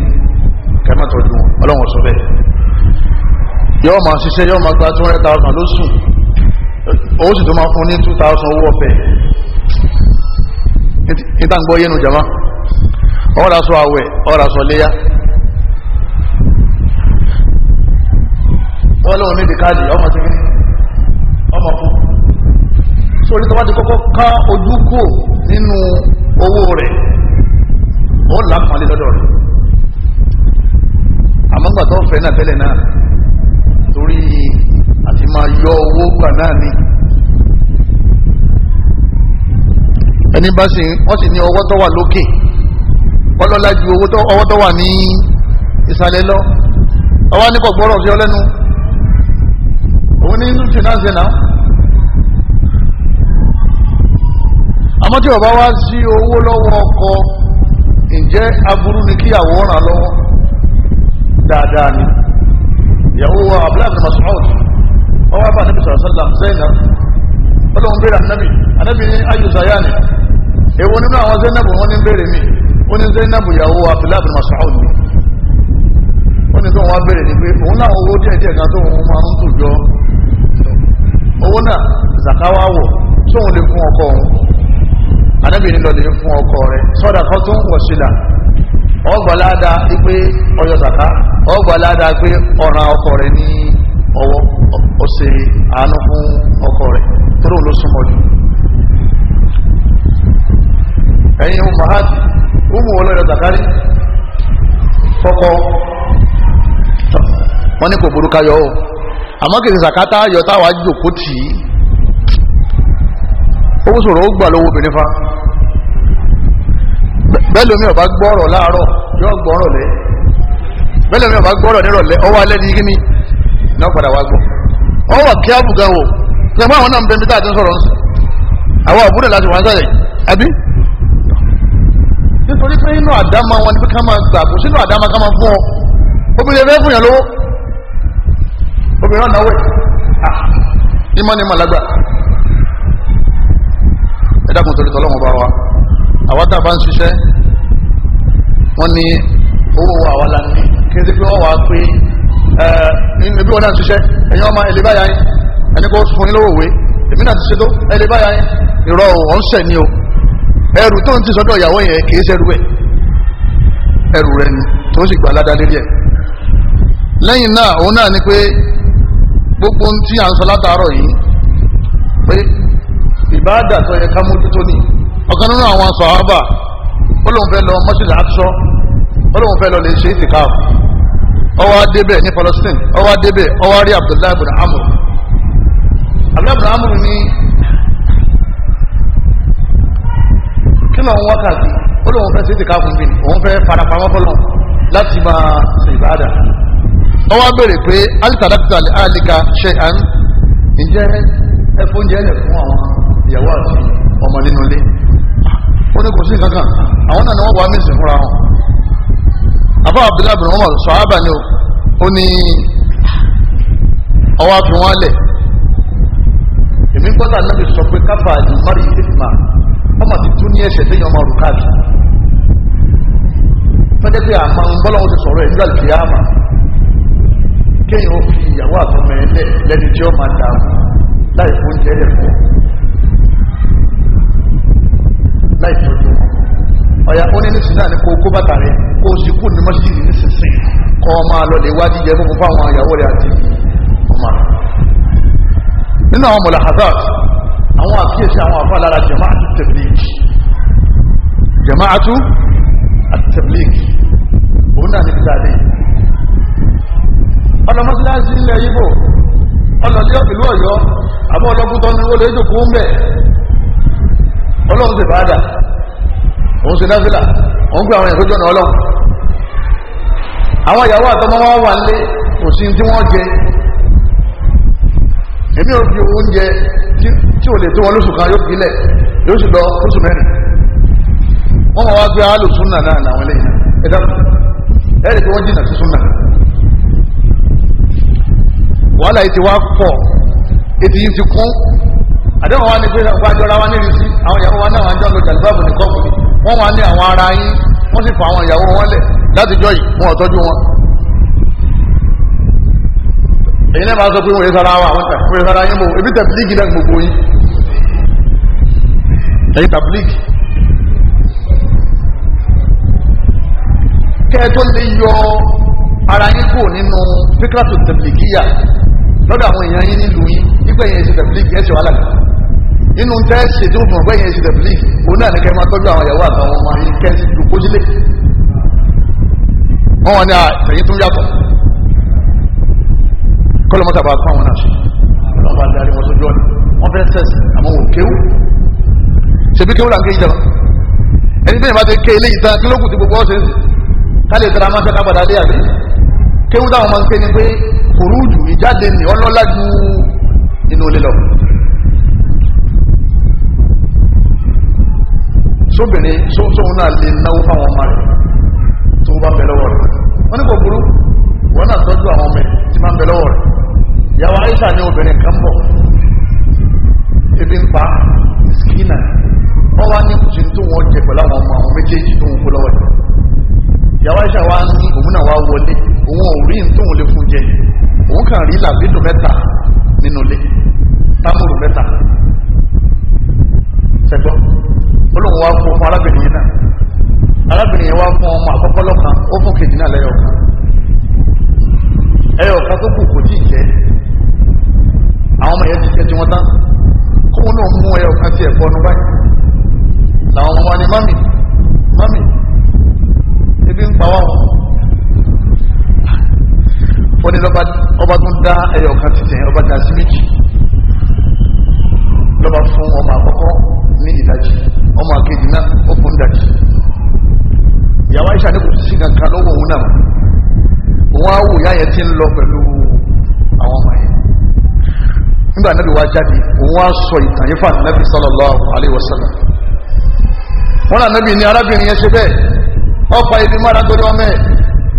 ọlọ́run bẹ́ẹ̀ yọ́ máa ṣiṣẹ́ yọ́ máa gba 200,000 owó sì tó máa fún ní 2,000 owó yẹnu jama ọ̀rọ̀ sọ àwẹ̀ ọ̀rọ̀ sọ léyà ọlọ́run ní ìdíkáàdì ọmọ ti gíní ọmọ kú so orí tọ́wọ́ ti kọ́kọ́ ká ojú kò nínú owó rẹ̀ ó làpọ̀lé lọ́dọ̀ rẹ̀ àmọ́ gbà fẹ́ náà tẹ́lẹ̀ náà torí àti máa yọ owó gbà náà ni ẹni bá sì wọ́n sì ní ọwọ́ tó wà lókè ọlọ́lá ju ọwọ́ tó wà ní ìsàlẹ̀ lọ ọwọ́ ní kò gbọ́rọ̀ sí ọ lẹ́nu òun ní yusuf ṣe náà ṣe náà àmọ́ tí bàbá wá sí owó lọ́wọ́ ọkọ ǹjẹ́ aburú ni kíyàwó ràn lọ́wọ́ dáadáa ni ìyàwó wa abdullahi bin masoud wọ́n wá bá níbi sọ̀rọ̀ sọ́lá zainab ọlọ́run bèèrè mi ó ní zainab ìyàwó abdullahi bin masoud ó ní tó wọn bèrè ní pé òun láwọn owó díẹ̀ díẹ̀ kan tó wọn máa ń tù jọ owó náà zakawa wọ̀ ọkọ òun anábì ní fún ọkọ rẹ̀ sọ́dà kan tó ń wọ̀ sílà pé zaka pé wọ́n ní kò burú ká yọ o àmọ́ kìí yọ táwa jòkó tì í owó sòrò ó gbà lówó obìnrin fa bẹ́ẹ̀ lómi ọba gbọ́rọ̀ láàárọ̀ yọ gbọ́rọ̀ lẹ́ bẹ́ẹ̀ lómi ọba gbọ́rọ̀ nírọ̀lẹ́ náà padà wá gbọ́ kí á bùgá wò náà ń bẹ́ẹ̀ sọ̀rọ̀ àwọn àbúrò láti sọ̀rọ̀ àbí nítorí pé inú wọn ni pé ká máa gbà obìnrin ọ̀nà wẹ̀ ìmọ̀ ah, ni màlágbà ẹ dákun torí tọ́lọ́mù bá wa àwa tá a bá ń ṣiṣẹ́ wọ́n ní owó àwa la ní kí n pé wọ́n pé wọn náà ṣiṣẹ́ ọmọ yín ẹni kò fún yín lówó òwe èmi náà ti ṣe tó ni o ẹrù tó ń ti sọ́dọ̀ ìyàwó yẹn kì í ṣerú ẹ̀ ẹrù rẹ̀ ni tó sì gbà ládàá lé gbogbo ohun tí à ń sọ látàárọ̀ yìí pé ìbáàdà tó yẹ ká mójútó ni ọ̀kan nínú àwọn sàhábà ó lóun fẹ́ lọ mọ́sílẹ̀ àtúnṣọ́ ó lóun fẹ́ lọ lè ṣe ìtìká ọwọ́ adébẹ̀ ní Palestine ọwọ́ adébẹ̀ ọwọ́ rí Abdullahi ibn Amr Abdullahi ibn Amr ní kí lóun wákàtí ó lóun fẹ́ ṣe ìtìká fún mi òun fẹ́ farapamọ́ fọlọ́ láti máa ṣe ìbáàdà wọ́n wá béèrè pé alitarakita alika ṣe'an ǹjẹ́ ẹfún jẹ́ ẹ̀lẹ̀ fún àwọn ìyàwó àti ọmọ nínú ilé ó ní kò sí kankan àwọn náà ni wọ́n wà mí sí fúnra wọn àbá abdullahi bin umar sọ̀hábà ni ó ní ọwọ́ àfi wọn lẹ̀ èmi gbọ́dọ̀ náà sọ pé káfà àdìmárì ìfìmà ọmọ ti tún ní ẹsẹ̀ téèyàn máa rù káàkiri fẹ́jẹ́ pé àmọ́ bọ́lá wọn ti sọ̀rọ̀ ẹ̀ nígbà tí a máa kéèyàn o fi ìyàwó àtọmọ ẹ lẹ lẹni tí ó máa dà mú láì fún oúnjẹ rẹ fún láì tọ́jú ọ̀yà ó ní nísìnyí náà ni kó kó bàtà rẹ kó o sì kú ní mọ́sídìí nísinsìnyí kọ́ ọ máa lọ lè wá jíjẹ fún fún àwọn ìyàwó rẹ àti ọmọ rẹ nínú àwọn mọ̀lá hazard àwọn àkíyèsí àwọn àfáà lára jama'atu tablighi jama'atu at-tablighi òun náà ní kíkà ọlọmọsíláṣí ilẹ̀ yíbò ọlọ́dí ìlú ọ̀yọ́ àbọ̀ ọlọ́gbútọ́ ní olè ìjòkó ń bẹ̀ ọlọ́run ti bá òun ṣe náfìlà òun gbé àwọn ìtọ́jú ọ̀nà ọlọ́run àwọn ìyàwó àtọmọ wọn wà nílé kò tí wọ́n jẹ èmi ò fi oúnjẹ tí ò lè tó wàhálà yìí ti wá pọ̀ ètò yìí ti kún àdéhùn wa ni pé àjọra wa nílùú sí àwọn ìyàwó wa náà wà ń jọ lọ jàlúbàbù nìkan kù wọ́n wà ní àwọn ara yín wọ́n sì fọ àwọn ìyàwó wọn lẹ̀ látijọ́ yìí wọn ò tọ́jú wọn. èyí náà máa sọ pé wọ́n yẹ sára wa àwọn ìta wọ́n yẹ sára yín bò ebi tẹ̀bílíìgì náà gbogbo yín èyí tẹ̀bílíìgì. kẹ́ ẹ tó lè yọ ara yín kúrò nínú fíkàtù tẹ̀bílíìgì yà lọ́dọ̀ àwọn èèyàn yín nílùú yín wípé èèyàn ṣe tẹ̀bílíkì ẹ̀ṣẹ̀ wàhálà kan nínú tẹ́ ṣe tó mọ̀ pé èèyàn ṣe tẹ̀bílíkì òun náà ní kẹ́ máa tọ́jú àwọn ìyàwó àtàwọn ọmọ yín kẹ́ sì lù kó sílé wọ́n wà ní àtẹ̀yìn tó yàtọ̀ kọ́lọ́mọ́tà bá fún àwọn náà ṣe wọ́n bá darí wọn sójú ọ̀nà wọ́n fẹ́ sẹ́sì àmọ́ wò kéwù ṣèbí kéwù là ń ìjọba ẹni tẹ́yìn bá ti ké kòrúdù ìjáde ní ọlọ́lá ju inú ilé lọ sóbìnrin sóhun náà lè náwó fáwọn ọmọ rẹ̀ tó bá bẹ lọ́wọ́ rẹ̀ wọ́n ní kò burú wọ́n náà tọ́jú àwọn ọmọ tí máa bẹ lọ́wọ́ rẹ̀ ìyàwó Aisha ní obìnrin kan bọ̀ ebi ń pa skina wọ́n wá ní kùsì tó wọ́n jẹ pẹ̀lú àwọn ọmọ àwọn méjèèjì tó ń kó lọ́wọ́ rẹ̀ ìyàwó Aisha wá ní òun wá wọlé òun ò rí ntóhun lè fún jẹ òun kàn rí làbídùn mẹ́ta nínú ilé támùrù mẹ́ta ṣẹgbọ́n olóhùn wa fún arábìnrin yìí náà arábìnrin yìí wá fún ọmọ àkọ́kọ́ lọ́kan ó fún kejì náà lẹ́yọ̀kan ẹyọ̀kan tó kù kò tí ì jẹ́ àwọn ọmọ yẹn ti jẹ́ tí wọ́n tán kó wọn náà mú ẹ̀kọ́ ọdún báyìí làwọn ọmọ wa mami ebi ń pa ó ní ọba tó dá ẹyọ kan ti tẹ̀yìn ọba dá sí méjì lọ́ba fún ọmọ àkọ́kọ́ ní ìdajì ọmọ àkejì náà ó kún ìdajì ìyàwó Aisha ní kò sí kankan lọ́wọ́ òun náà òun á wò ìyá yẹn ti ń lọ pẹ̀lú àwọn ọmọ yẹn nígbà náà wá jáde òun á sọ ìtàn yìí fún wọn náà nábì ní arábìnrin yẹn ṣe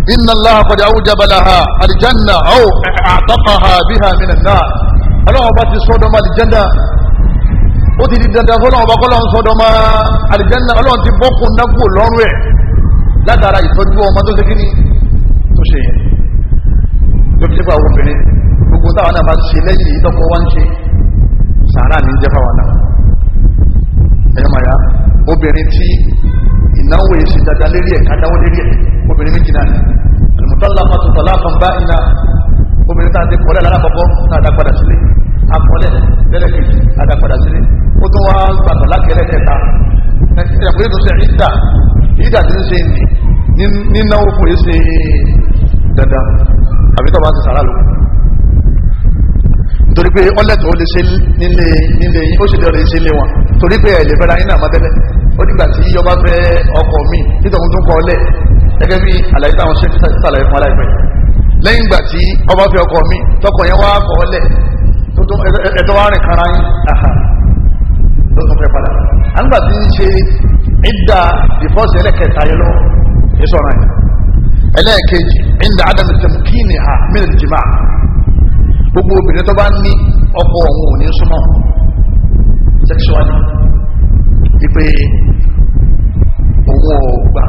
inna allah qad awjaba laha aljanna aw a'taqaha biha min an-nar ọlọ́run ọba ti sọ́dọ̀ ma aljanna ó ti di dandan fọlọ́run ọba kọ́lọ́run sọ́dọ̀ ma aljanna ọlọ́run ti bọ́kùn náà kú lọ́rùn ẹ̀ látara ìtọ́jú ọmọ tó ṣe kí ni tó ṣe yẹn tó fi ṣẹ́fà àwọn obìnrin gbogbo táwọn náà bá ṣe lẹ́yìn ìtọ́kọ wá ń ṣe sàárà ní jẹ́fà wà náà ẹ̀yọ́ obìnrin tí ìnáwó èsì dáadáa lérí ẹ̀ kádáwó lérí ẹ̀ obìnrin méjì náà àlùmọ́tọ́lá pàtó tọ́lá kan bá iná obìnrin tá a ti kọ́lẹ̀ lálákọ̀ọ́kọ́ náà dápadà sílé akọ́lẹ̀ lẹ́lẹ́kejì adápadà sílé ó tún wá gbàgbọ́ lákẹ́lẹ́ kẹta ẹ̀kúrẹ́ tó ṣe ìdá ìdá tí ń ṣe ní nínáwó kò ṣe dandan àbí tọ́ bá ti sàrà lókun nítorí pé ọlẹ́tọ̀ ó lè ṣe nílé yín ó sì lè ṣe lé wọn torí pé ẹ̀ lè náà mọ́ tẹ́lẹ̀ ó nígbà tí ọba fẹ́ ọkọ̀ mi nítorí tó ń kọ́ ọlẹ̀ gẹ́gẹ́ bí àlàyé táwọn ṣe ṣàlàyé fún aláìpẹ́ lẹ́yìn ìgbà tí ọba fẹ́ ọkọ̀ mi tọkọ̀ yẹn wá kọ́ ọlẹ̀ ẹ̀tọ́ wá rìn kanra yín ló tún fẹ́ padà à ń gbà tí ń ṣe ìdá ìfọ́sí ẹlẹ́kẹta yẹn lọ ìṣọ̀ràn yẹn ẹlẹ́ẹ̀kejì ìdá adamu tẹmukíni ha mílíọ̀nù jìmá gbogbo obìnrin tó bá ní ọkọ òun ò ní súnmọ́ sẹ́kṣuálì ìpè owó ọgbà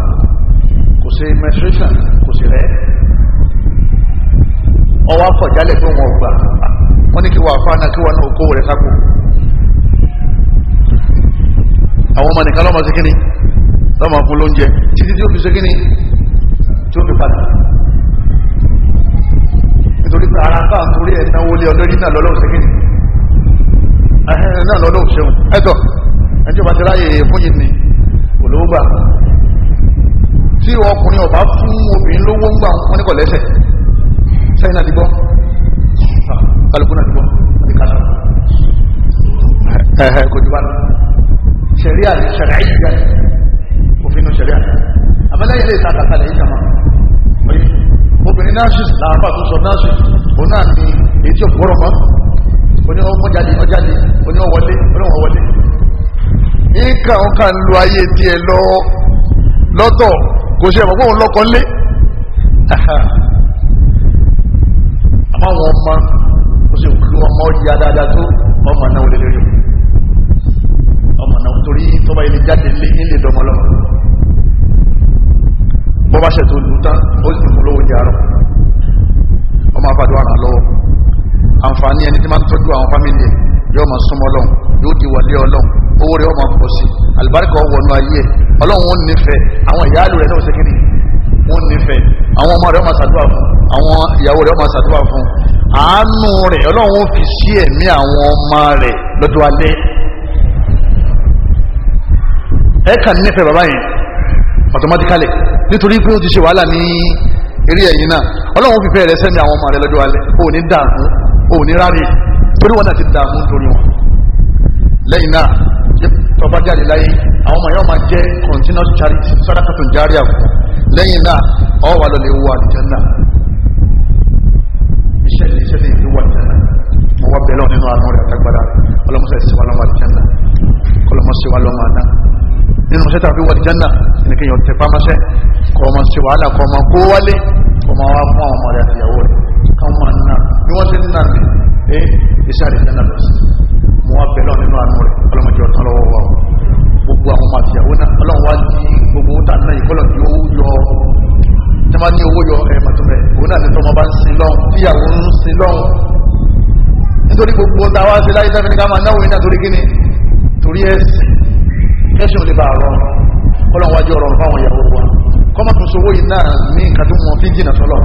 kò sí menstruation kò sí rẹ̀ ọwọ́ akọ̀jálẹ̀ tó wọn ọgbà wọ́n ní kí wọ́n afá náà kí wọ́n náà kó rẹ̀ sápò àwọn ọmọ nìkan lọ́mọ sí kíni lọ́mọ fún lóúnjẹ títí tí ó fi sí kíni tí ó fi padà nítorí pé ara bá ń torí ẹ̀dá wọlé ọlọ́rí náà lọ́lọ́wọ́ sí kíni ẹ̀hẹ́n náà lọ́lọ́wọ́ ṣeun ẹ̀tọ́ ẹjọ́ bá ti ráyè fún yìí ni kò lówó gbà tí ọkùnrin ọba fún obìnrin lówó ń gbà wọn ní kò lẹ́sẹ̀ sẹ́yìn náà ti gbọ́ kálukú náà ti gbọ́ àti kálá ẹ̀hẹ̀ kò jù bá lọ ṣẹ̀ríà ní ṣẹ̀ríà yìí gbà òfin ní ṣẹ̀ríà àbẹ́lẹ́yìn lè ta kàkà lẹ́yìn kama obìnrin náà ṣì làápà tó sọ náà ṣì òun náà ní èyí tí ò gbọ́rọ̀ mọ́ oní ọmọ jáde ọjáde oní ọwọlé oní ọwọlé nǹkan òǹkà ń lo ayé tiẹ̀ lọ lọ́tọ̀ kò ṣe àmọ́ òun lọ́kọ́ lé àmọ́ àwọn ọmọ ó sì kú ọmọ ọjà dáadáa tó ọmọ náà ó lè lérò ọmọ náà torí tọ́ba ilé jáde lé nílé dọmọlọmọ bọ́bá ṣètò lù tán ó sì mú lówó jàrọ̀ ọmọ afáàdúrà náà lọ́wọ́ àǹfààní ẹni tí máa ń tọ́jú àwọn fámìlì yóò máa súnmọ́ lọ́hùn yóò di wàlé ọlọ́hùn owó rẹ̀ ọmọ pọ̀ sí àlùbáríkà ọwọ́nú ayé ọlọ́run wọn nífẹ̀ẹ́ àwọn ìyáàlú rẹ̀ náà ṣẹ́kìrì wọn nífẹ̀ẹ́ àwọn ọmọ rẹ̀ ọmọ ṣàdúrà fún àwọn ìyàwó rẹ̀ ọmọ ṣàdúrà fún àánú rẹ̀ ọlọ́run fi sí ẹ̀mí àwọn ọmọ rẹ̀ lọ́dọ̀ alẹ́ ẹ kàn nífẹ̀ẹ́ bàbá yẹn automatically nítorí pé ó ti ṣe wàhálà ní eré ẹ̀yìn náà ọlọ́run fífẹ́ rẹ̀ sẹ́mi àwọn ọmọ rẹ̀ lọ́jọ́ alẹ́ o ní dààmú ò ní rárẹ̀ torí wọn náà ti dààmú torí wọn lẹ́yìn náà tó bá jáde láyé àwọn ọmọ yẹn máa jẹ́ continuous charity sadaqatun jariyah àgùn lẹ́yìn náà ọ wà lọ́lẹ̀ wọ àlùjánnà iṣẹ́ ní iṣẹ́ ní ìlú wà àlùjánnà mo wá bẹ̀rẹ̀ nínú àánú rẹ̀ àtàgbàrà ọlọ́mọṣẹ́ ìṣẹ́wà lọ́mọ àlùjánnà kọlọ́mọṣẹ́ wà lọ́mọ àná nínú iṣẹ́ tàbí wà àlùjánnà ẹnìkan yóò tẹ pámọ́ṣẹ́ kọ́mọṣẹ́ wàhálà kọ́mọ kó wálé kọ́mọ wá fún àwọn ọmọ rẹ̀ àtìyàwó rẹ̀ káwọn máa ń ná bí wọ́n ti ń ná mo wá bẹ̀rẹ̀ nínú àánú rẹ̀ ọlọ́mọdé ọ̀tán lọ́wọ́ wa gbogbo àwọn ọmọ àti ìyàwó náà ọlọ́run wá di gbogbo ó tàn náà ìfọlọ́ ní owó yọ tí wọ́n ní owó yọ ẹ̀ màtúmẹ̀ òun náà ní tọmọ bá ń sin lọ́hùn tíyàwó ń sin lọ́hùn nítorí gbogbo ta wá sí láyé sẹ́fẹ́ ní ká máa náwó iná torí kíni torí ẹ̀sìn kẹ́sùn lè bá rọrùn ọlọ́run wájú ọ̀rọ̀ fáwọn ìyàwó wa kọ́mọ̀tún sowó iná ní nǹkan tó mọ fíjì náà tọ́lọ̀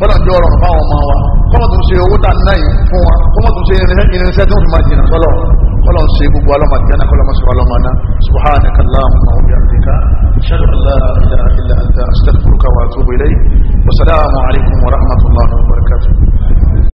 kọ́lá jọ ọ̀rọ̀ fáwọn ọmọ wa kọ́mọ̀ tó ń ṣe owó dáná yìí fún wa kọ́mọ̀ tó ń ṣe irinṣẹ́ tó ń fi máa jìnà sọ́lọ̀ kọ́lá ń ṣe gbogbo alọ́mọ jẹ́nà kọ́lá mọ́sọ̀rọ̀ alọ́mọ náà subhana kàlámù ma wọ́n bí àdìgá ṣẹlẹ̀ alára ilẹ̀ ilẹ̀ àti àṣẹ fúrukà wà tó wẹ̀lẹ́ wasalaamu alaykum wa rahmatullahi wa barakatuh